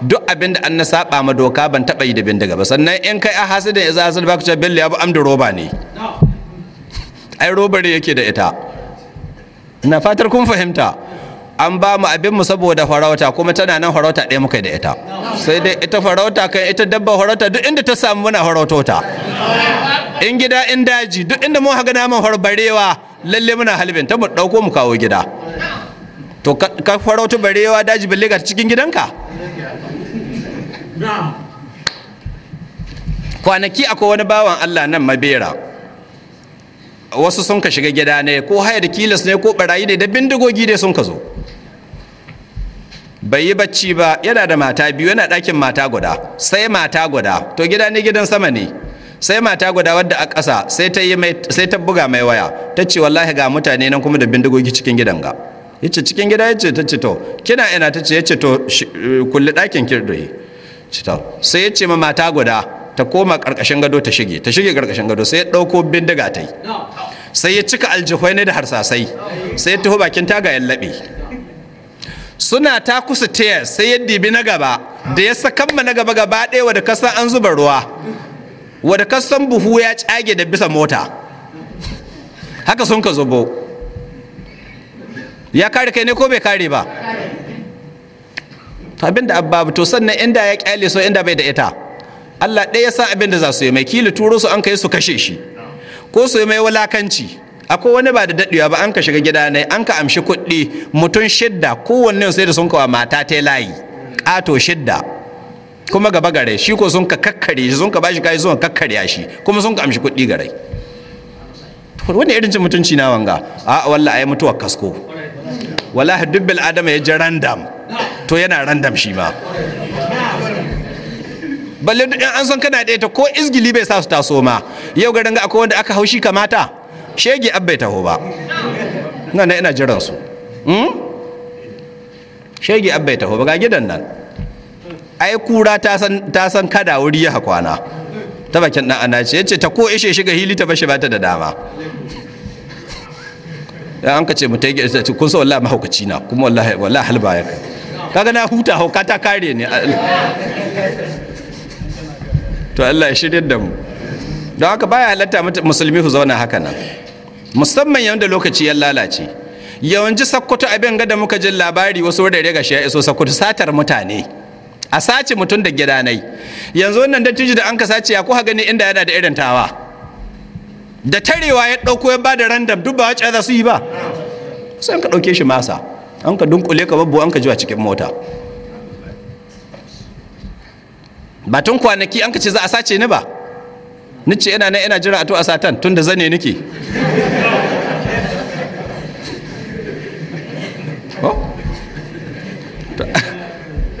S1: duk abin da an na saba ma doka ban taɓa yi da bindiga ba sannan in kai a hasidin ya za su ba ku ce bille ya am da roba ne ai robar yake da ita na fatar kun fahimta an ba mu abin mu saboda farauta kuma tana nan farauta ɗaya muka da ita sai dai ita farauta kan ita dabba farauta duk inda ta samu muna farautota in gida in daji duk inda mu haga naman farbarewa lalle muna halibin ta mu ɗauko mu kawo gida to ka farauta barewa daji balle ga cikin gidanka kwanaki akwai wani bawan Allah nan mabera wasu sun ka shiga gida ne ko haya da kilas ne ko barayi ne da bindigogi dai sun ka zo bai yi bacci ba yana da mata biyu yana ɗakin mata guda sai mata guda to gida ne gidan sama ne sai mata guda wadda a ƙasa sai ta sai ta buga mai waya ta ce wallahi ga mutane nan kuma da bindigogi cikin gidan ga Ya ce cikin gida ya ce ta ce to kina ina ta ce ce to kulli ɗakin kirdoyi sai ya ce ma mata guda ta koma ƙarƙashin gado ta shige ta shige ƙarƙashin gado sai ya ɗauko bindiga ta yi sai ya cika aljihwai ne da harsasai sai ya taho bakin taga ya laɓe suna ta kusa taya sai ya bi na gaba da ya sakan ma na gaba gaba ɗaya wadda kasan an zuba ruwa wadda kasan buhu ya cage da bisa mota haka sun ka zubo ya kare kai ne ko bai kare ba abin da abba to sannan inda ya kyale so inda bai da ita Allah ɗaya ya sa abin da za su yi mai kili turo su an kai su kashe shi ko su yi mai wulakanci akwai wani ba da daɗewa ba an ka shiga gida ne an ka amshi kuɗi mutum shidda kowanne sai da sun kawa mata ta layi ƙato shidda kuma gaba gare shi ko sun ka kakkare shi sun ka bashi kayi sun kakkarya shi kuma sun ka amshi kuɗi gare wani irin cin mutunci na wanga a walla ai mutuwa kasko Wala dubbil adama ya ji randam to yana randam shi ma balle duk an san kana da ita ko izgili bai sa su taso ma yau garin ga akwai wanda aka haushi kamata shege ya taho ba na na ina jiran su hmm? shege ya taho ba ga gidan nan ai kura ta san kada wuri ya kwana ta bakin dan ana ce yace ta ko ishe shiga hili ta bashi bata da dama dan an kace mu ta yi kun so wallahi mahaukaci na kuma wallahi wallahi halba ya kaga na huta hauka ta kare ne to Allah ya shirye da mu don haka baya halatta musulmi ku zauna haka nan musamman da lokaci ya lalace yawanci sakkwato abin gada muka jin labari wasu wadda ga shi ya iso sakkwato satar mutane a sace mutum da gidanai yanzu wannan dattijo da an ka sace ya kuka gani inda yana da irin tawa da tarewa ya ɗauko ya da randam duk ba wacce za su yi ba sai an ka ɗauke shi masa an ka dunkule ka babbo an ka ji a cikin mota ba tun kwanaki an ka ce za a sace ni ba ni ce ina nan ina jira a to a satan tun da zane nake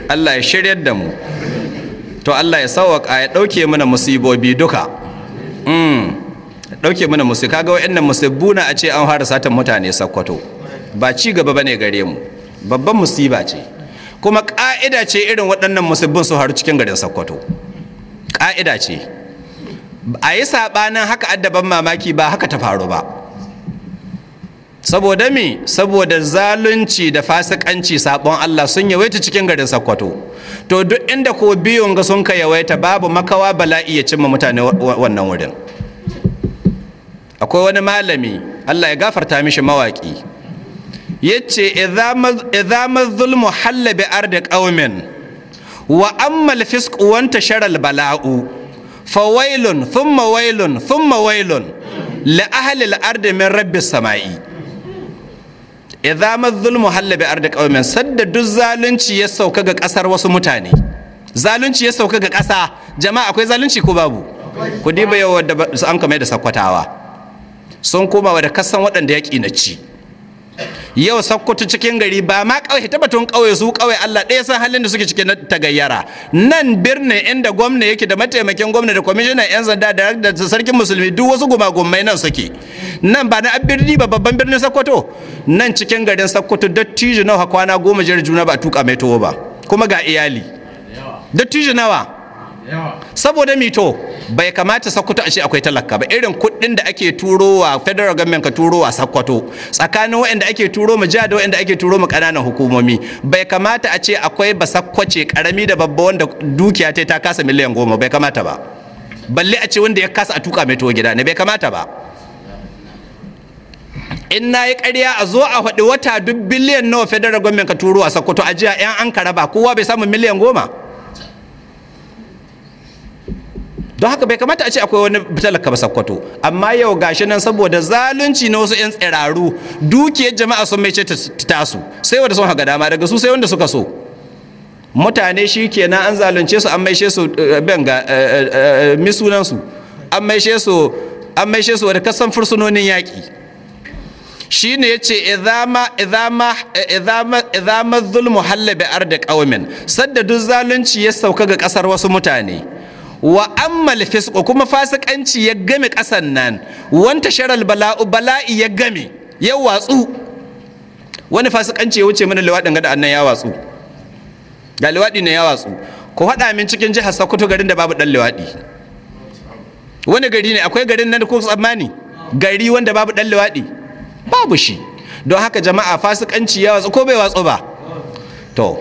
S1: Allah ya shiryar da mu to Allah ya sauwaka ya dauke mana musibobi duka Dauke mm. mana musibobi kaga wa'annan musibbuna a ce an fara satan mutane sakkwato ba ci gaba bane gare mu babban musiba ce kuma ƙa'ida ce irin waɗannan musibbin su haru cikin garin sakkwato ƙa'ida ce a yi saɓanin haka addaban mamaki ba haka ta faru ba saboda me saboda zalunci da fasikanci sabon Allah sun yawaita cikin garin Sokoto to duk inda ko biyun ga sun ka yawaita babu makawa bala'i ya cimma mutane wannan wurin akwai wani malami Allah ya gafarta mishi mawaki yace idza mazulmu halla bi ardi qaumin wa amma al-fisq wa al bala'u fa wailun thumma wailun thumma wailun li ahli al-ardi min rabbis sama'i ya zama zulmu hallabi arda qaumin sadda duk zalunci ya sauka ga kasar wasu mutane zalunci ya sauka ga kasa jama'a akwai zalunci ko babu ku diba yawa da an kamai da sakwatawa sun koma wa da kasan waɗanda ya ƙinaci yau sakkwato cikin gari ba ma kawai ta batun kauye su kauye Allah ɗaya san halin da suke cikin tagayyara nan birnin inda gwamna yake da mataimakin gwamna da kwamishinan yan sanda da sarkin musulmi duk wasu gumagumai nan suke nan ba na birni ba babban birnin sakkwato nan cikin garin sakkwato dattijo nawa kwana goma jira juna ba tuka mai towo ba kuma ga iyali dattijo nawa saboda mito bai kamata sakkwato a shi akwai talaka ba irin kuɗin da ake turowa federal government ka turowa sakkwato tsakanin wa'anda ake turo mu jiha da wa'anda ake turo mu ƙananan hukumomi bai kamata a ce akwai ba sakkwace ƙarami da babba wanda dukiya ta kasa miliyan goma bai kamata ba balle a ce wanda ya kasa a tuka mai tuwo gida ne bai kamata ba in na yi karya a zo a faɗi wata duk biliyan nawa federal government ka turo wa sokoto a jiya 'yan an ba kowa bai samu miliyan goma don haka bai kamata a ce akwai wani talaka ba sakkwato amma yau gashi nan saboda zalunci na wasu yan tsiraru dukiyar jama'a sun mai ce tasu sai wanda sun haga dama daga su sai wanda suka so mutane shi kenan an zalunce su an maishe su eh, benga eh, eh, misunan su an maishe su an maishe su wani kasan fursunonin yaƙi shi ne ya ce idama zulmu halle bi arda ƙaumin sadda duk zalunci ya sauka ga ƙasar wasu mutane wa ammal fisqu kuma fasikanci ya game kasan nan wanta sharal bala'u bala'i ya game ya watsu wani fasikanci ya wuce mana liwadin ga da annan ya watsu ga liwadi ne ya watsu ku haɗa min cikin jihar Sokoto garin da babu dan liwadi wani gari ne akwai garin nan ko tsammani gari wanda babu dan liwadi babu shi don haka jama'a fasikanci ya watsu ko bai watsu ba to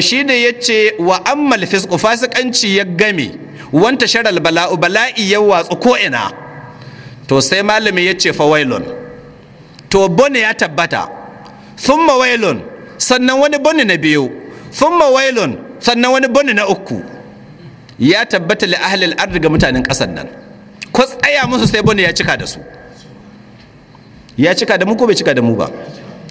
S1: shi ne ya ce wa ammal fisku fasikanci ya game wanta sharal bala'u bala'i ya watsu ko ina to sai malami ya ce fa wailun to bone ya tabbata ma wailun sannan wani bone na biyu ma wailun sannan wani bone na uku ya tabbata li ahalil ardi ga mutanen ƙasar nan ko tsaya musu sai bone ya cika da su ya cika da mu ko bai cika da mu ba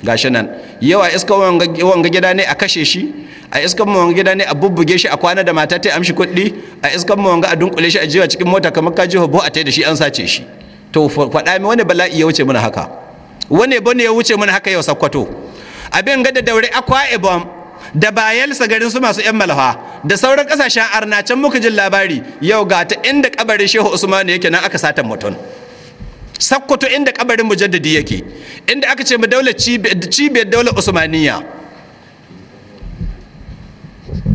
S1: gashi nan yau a iska wanga gida ne a kashe shi a iskan mu wanga gida ne a bubbuge shi a kwana da mata ta amshi kuɗi a iskan mu wanga a dunkule shi a jiwa cikin mota kamar ka ji hobo a tai da shi an sace shi to faɗa mi wani bala'i ya wuce mana haka wani bane ya wuce mana haka yau sakkwato abin ga da daure akwa ibom da bayelsa garin su masu yan malafa da sauran kasashen arna can muka jin labari yau ga ta inda kabarin shehu usman yake nan aka sata mutum sakkwato inda kabarin mujaddadi yake inda aka ce cibiyar daular usmaniya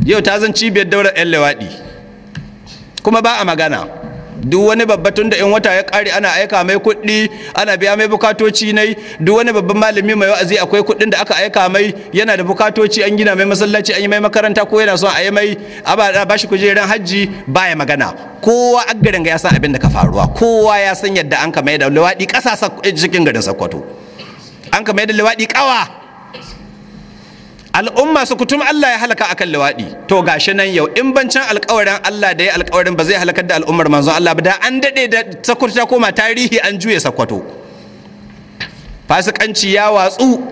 S1: yau ta zan cibiyar daular yan lawaɗi, kuma ba a magana duk wani babba da in wata ya kare ana aika mai kuɗi ana biya mai bukatoci ne. duk wani babban malami mai wa'azi akwai kuɗin da aka aika mai yana da bukatoci an gina mai masallaci an yi mai makaranta ko yana son a yi mai a ba shi kujeran hajji baya magana kowa aggarin ga ya san abin da ka faruwa kowa ya san yadda an ka mai da luwaɗi ƙasa eh, cikin garin sakkwato an ka mai da luwaɗi ƙawa al'umma su kutum Allah ya halaka akan liwaɗi to gashi nan yau in bancin alƙawarin Allah da ya alƙawarin ba zai halakar da al'ummar manzon Allah ba da an daɗe da sakwato ta koma tarihi an juya sakwato fasikanci ya watsu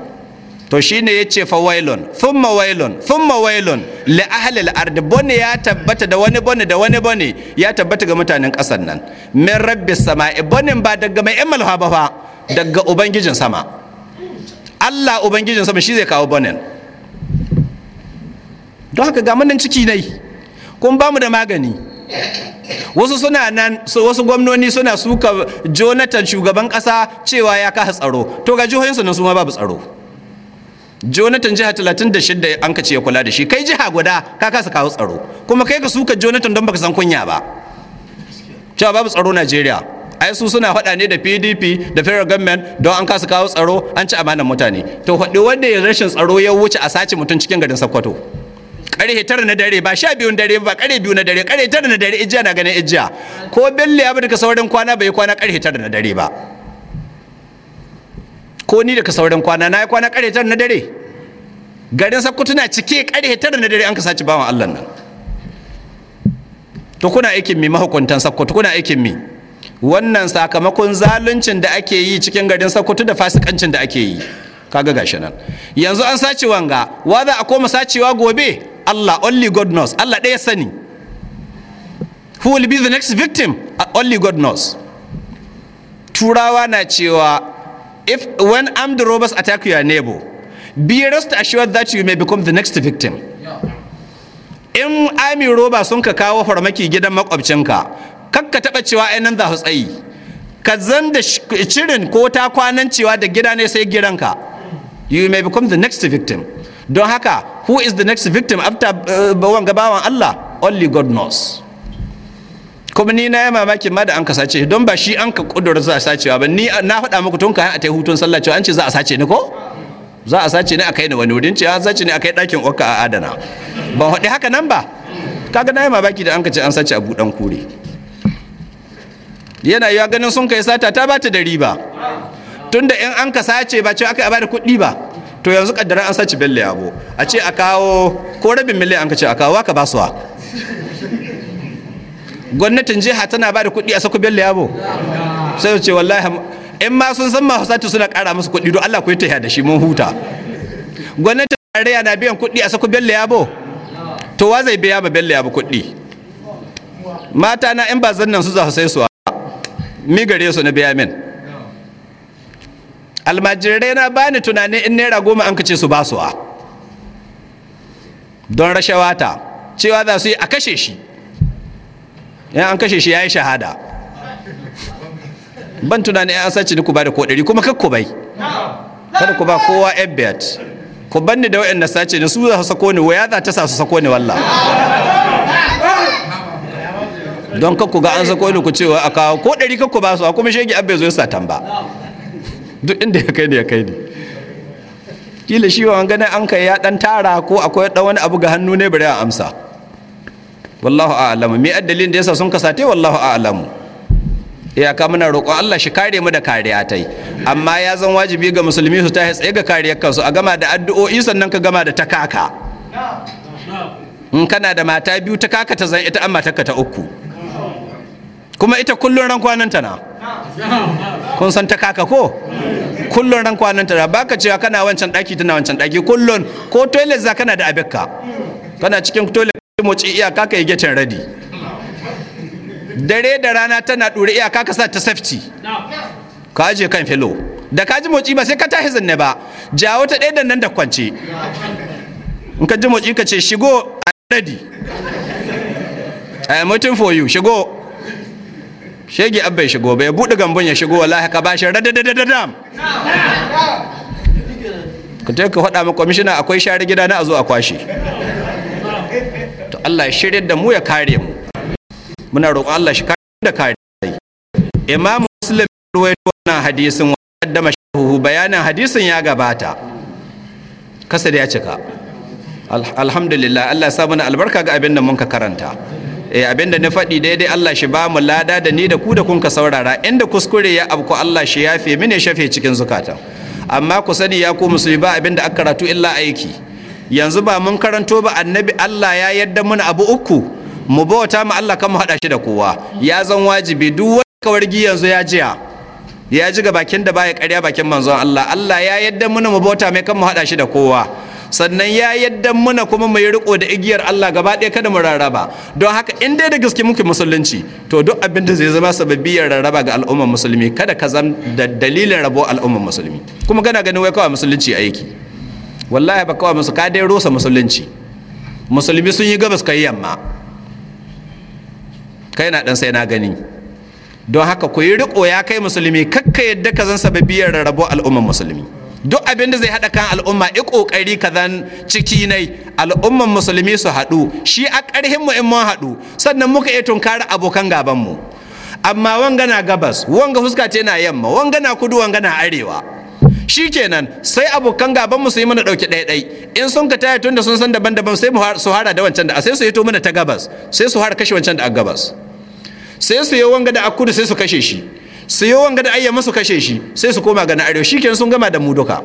S1: to shine ya ce fa wailon thumma wailon thumma wailon li ahli al-ard bone ya tabbata da wani bone da wani bone ya tabbata ga mutanen ƙasar nan min rabbis sama'i Bone ba daga mai emal ba daga ubangijin sama Allah ubangijin sama shi zai kawo bonen. don haka ga nan ciki nai kun ba mu da magani wasu suna nan wasu gwamnoni suna suka jonathan shugaban kasa cewa ya kasa tsaro to ga jihohinsu nan su ma babu tsaro jonathan jiha 36 an ka ce ya kula da shi kai jiha guda ka kasa kawo tsaro kuma kai ka suka jonathan don baka san kunya ba cewa babu tsaro najeriya ai su suna faɗa ne da pdp da federal government don an kasa kawo tsaro an ci amanan mutane to faɗi wanda ya rashin tsaro ya wuce a sace mutum cikin garin sokoto karhe tara na dare ba sha biyun dare ba karhe biyu na dare kare tara na dare ijiya na ganin ijiya ko belle ya ka sauran kwana bai kwana karhe tara na dare ba ko ni da ka sauran kwana na yi kwana karhe tara na dare garin sakkwato na cike karhe tara na dare an ka saci bawan allah nan to kuna aikin mi mahukuntan sakkwato kuna aikin mi wannan sakamakon zaluncin da ake yi cikin garin kutu da fasikancin da ake yi kaga gashi nan yanzu an sace wanga wa za a koma sacewa gobe Allah only God knows Allah ɗaya sani who will be the next victim uh, only God knows turawa na cewa if when armed robbers attack your neighbor be rest assured that you may become the next victim in army roba sun ka kawo farmaki gidan makwabcinka kakka taba cewa ainihin za su tsayi ka zan da shirin ko ta kwanan cewa da gida ne sai gidanka you may become the next victim don haka who is the next victim after uh, bawan gabawan Allah only God knows kuma ni na yi mamakin ma da an ka don ba shi an ka kudura za a sacewa ba ni na faɗa muku tun kayan a ta hutun sallah cewa an ce za a sace ni ko za a sace ni a kai ni wani wurin ce an sace ni a kai ɗakin oka a adana ba haɗe haka nan ba kaga na yi mamaki da an ka ce an sace a buɗan kure yana yiwa ganin sun kai sata ta bata da riba tunda in an ka sace ba ce aka yi a bada kuɗi ba to yanzu kaddara an saci belle yabo a ce a kawo ko rabin miliyan an ka ce a kawo ka basuwa gwamnatin jiha tana ba da kuɗi a saku belle yabo sai ce wallahi in ma sun san masu sati suna ƙara musu kuɗi don Allah ku yi ta da shi mun huta gwamnatin tarayya na biyan kuɗi a saku belle yabo to wa zai biya ma belle yabo kuɗi mata na in ba zannan su za su sai su mi gare su na biya min almajirai na bani tunanin in naira goma an kace su ba su a don rashawa ta cewa za su yi a kashe shi Yan an kashe shi ya yi shahada ban tunanin an sace ni ku ba da kodari kuma kakku bai kada ku ba kowa ebert ku ban ni da waɗanda sace ni su za su sako ni waya za ta sa su sako ni walla? don kakku ga an sako ni ku cewa a kawo kodari ɗari kakku ba su kuma shege abbe zuwa ya satan ba duk inda ya kai ne ya kai ne kila shi wa ganin an kai ya dan tara ko akwai dan wani abu ga hannu ne bari a amsa wallahu a'lamu me addalin da yasa sun kasate wallahu a'lamu iyaka muna roƙon Allah shi kare mu da kariya tai amma ya zan wajibi ga musulmi su ta tsaye ga kariyar kansu a gama da addu'o'i sannan ka gama da takaka in kana da mata biyu takaka ta zan ita amma ta uku kuma ita kullun ran kwanan na kun san ta kaka ko kullun ran kwanan ta na baka cewa kana wancan daki tana wancan daki kullun ko toilet za kana da abikka kana cikin toilet motsi iyaka ka yi getin radi dare da rana tana dure iyaka ka sa ta safety. ka je kan filo da ka ji motsi ba sai ka tashi zanne ba jawo ta ɗaya da nan da kwance in ka ji motsi ka ce shigo a ready. i am waiting for you shigo shege abba ya shigo ya buɗe gambon ya shigo wallahi ka bashi radadadadam ka ta ka faɗa ma kwamishina akwai share gida na a zo a kwashe to Allah ya shirya da mu ya kare mu muna roƙo Allah shi kare da kare Imam Muslim ruwaito wannan hadisin wa qaddama shahuhu bayanin hadisin ya gabata kasa da ya cika alhamdulillah Allah ya sa mana albarka ga abin da mun ka karanta eh abinda na faɗi daidai Allah shi ba mu lada da ni da ku da kun ka saurara inda kuskure ya abku Allah shi yafe mine shafe cikin zukata amma ku sani ya ku musulmi ba abinda aka karatu illa aiki yanzu ba mun karanto ba annabi Allah ya yadda mun abu uku mu bauta mu Allah kan mu hada shi da kowa ya zan wajibi duk wani kawargi yanzu ya jiya ya ji ga bakin da baya ƙarya bakin manzon Allah Allah ya yadda mun mu bauta mai kan mu hada shi da kowa sannan ya yadda muna kuma mai riko da igiyar Allah gaba ɗaya kada mu rarraba don haka in dai da gaske muke musulunci to duk abin da zai zama sababiyar rarraba ga al'ummar musulmi kada ka zan da dalilin rabo al'ummar musulmi kuma kana ganin wai kawai musulunci aiki wallahi ba kawai musu ka dai rosa musulunci musulmi sun yi gabas kai yamma kai na dan sai na gani don haka ku yi riko ya kai musulmi kakka yadda ka zan sababiyar rarrabo al'ummar musulmi duk abin da zai haɗa kan al'umma i ƙoƙari kazan zan ciki nai al'umman musulmi su haɗu shi a ƙarhin mu in mun haɗu sannan muka iya tunkara abokan gaban mu amma wanga na gabas wanga fuska ce na yamma wanga na kudu wanga na arewa shi kenan sai abokan gaban mu su yi mana ɗauki ɗaiɗai in sun ka taya tun da sun san daban-daban sai su hara da wancan da sai su hito mana ta gabas sai su hara kashe wancan da a gabas sai su yi wanga da a kudu sai su kashe shi su yi wanga da ayyama su kashe shi sai su koma ga na arewa shiken sun gama da mu duka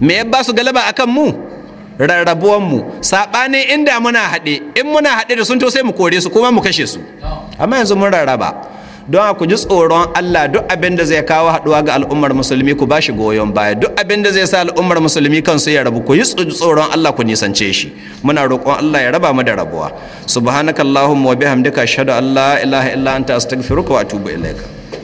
S1: me ya ba su galaba akan mu rarrabuwan mu saɓanin inda muna haɗe in muna haɗe da sun to sai mu kore su kuma mu kashe su amma yanzu mun rarraba don ku ji tsoron Allah duk abin da zai kawo haɗuwa ga al'ummar musulmi ku bashi goyon baya duk abin da zai sa al'ummar musulmi kan su ya rabu ku yi tsoron Allah ku nisance shi muna roƙon Allah ya raba mu da rabuwa subhanakallahumma wa bihamdika ashhadu an la ilaha illa anta astaghfiruka wa atubu ilaika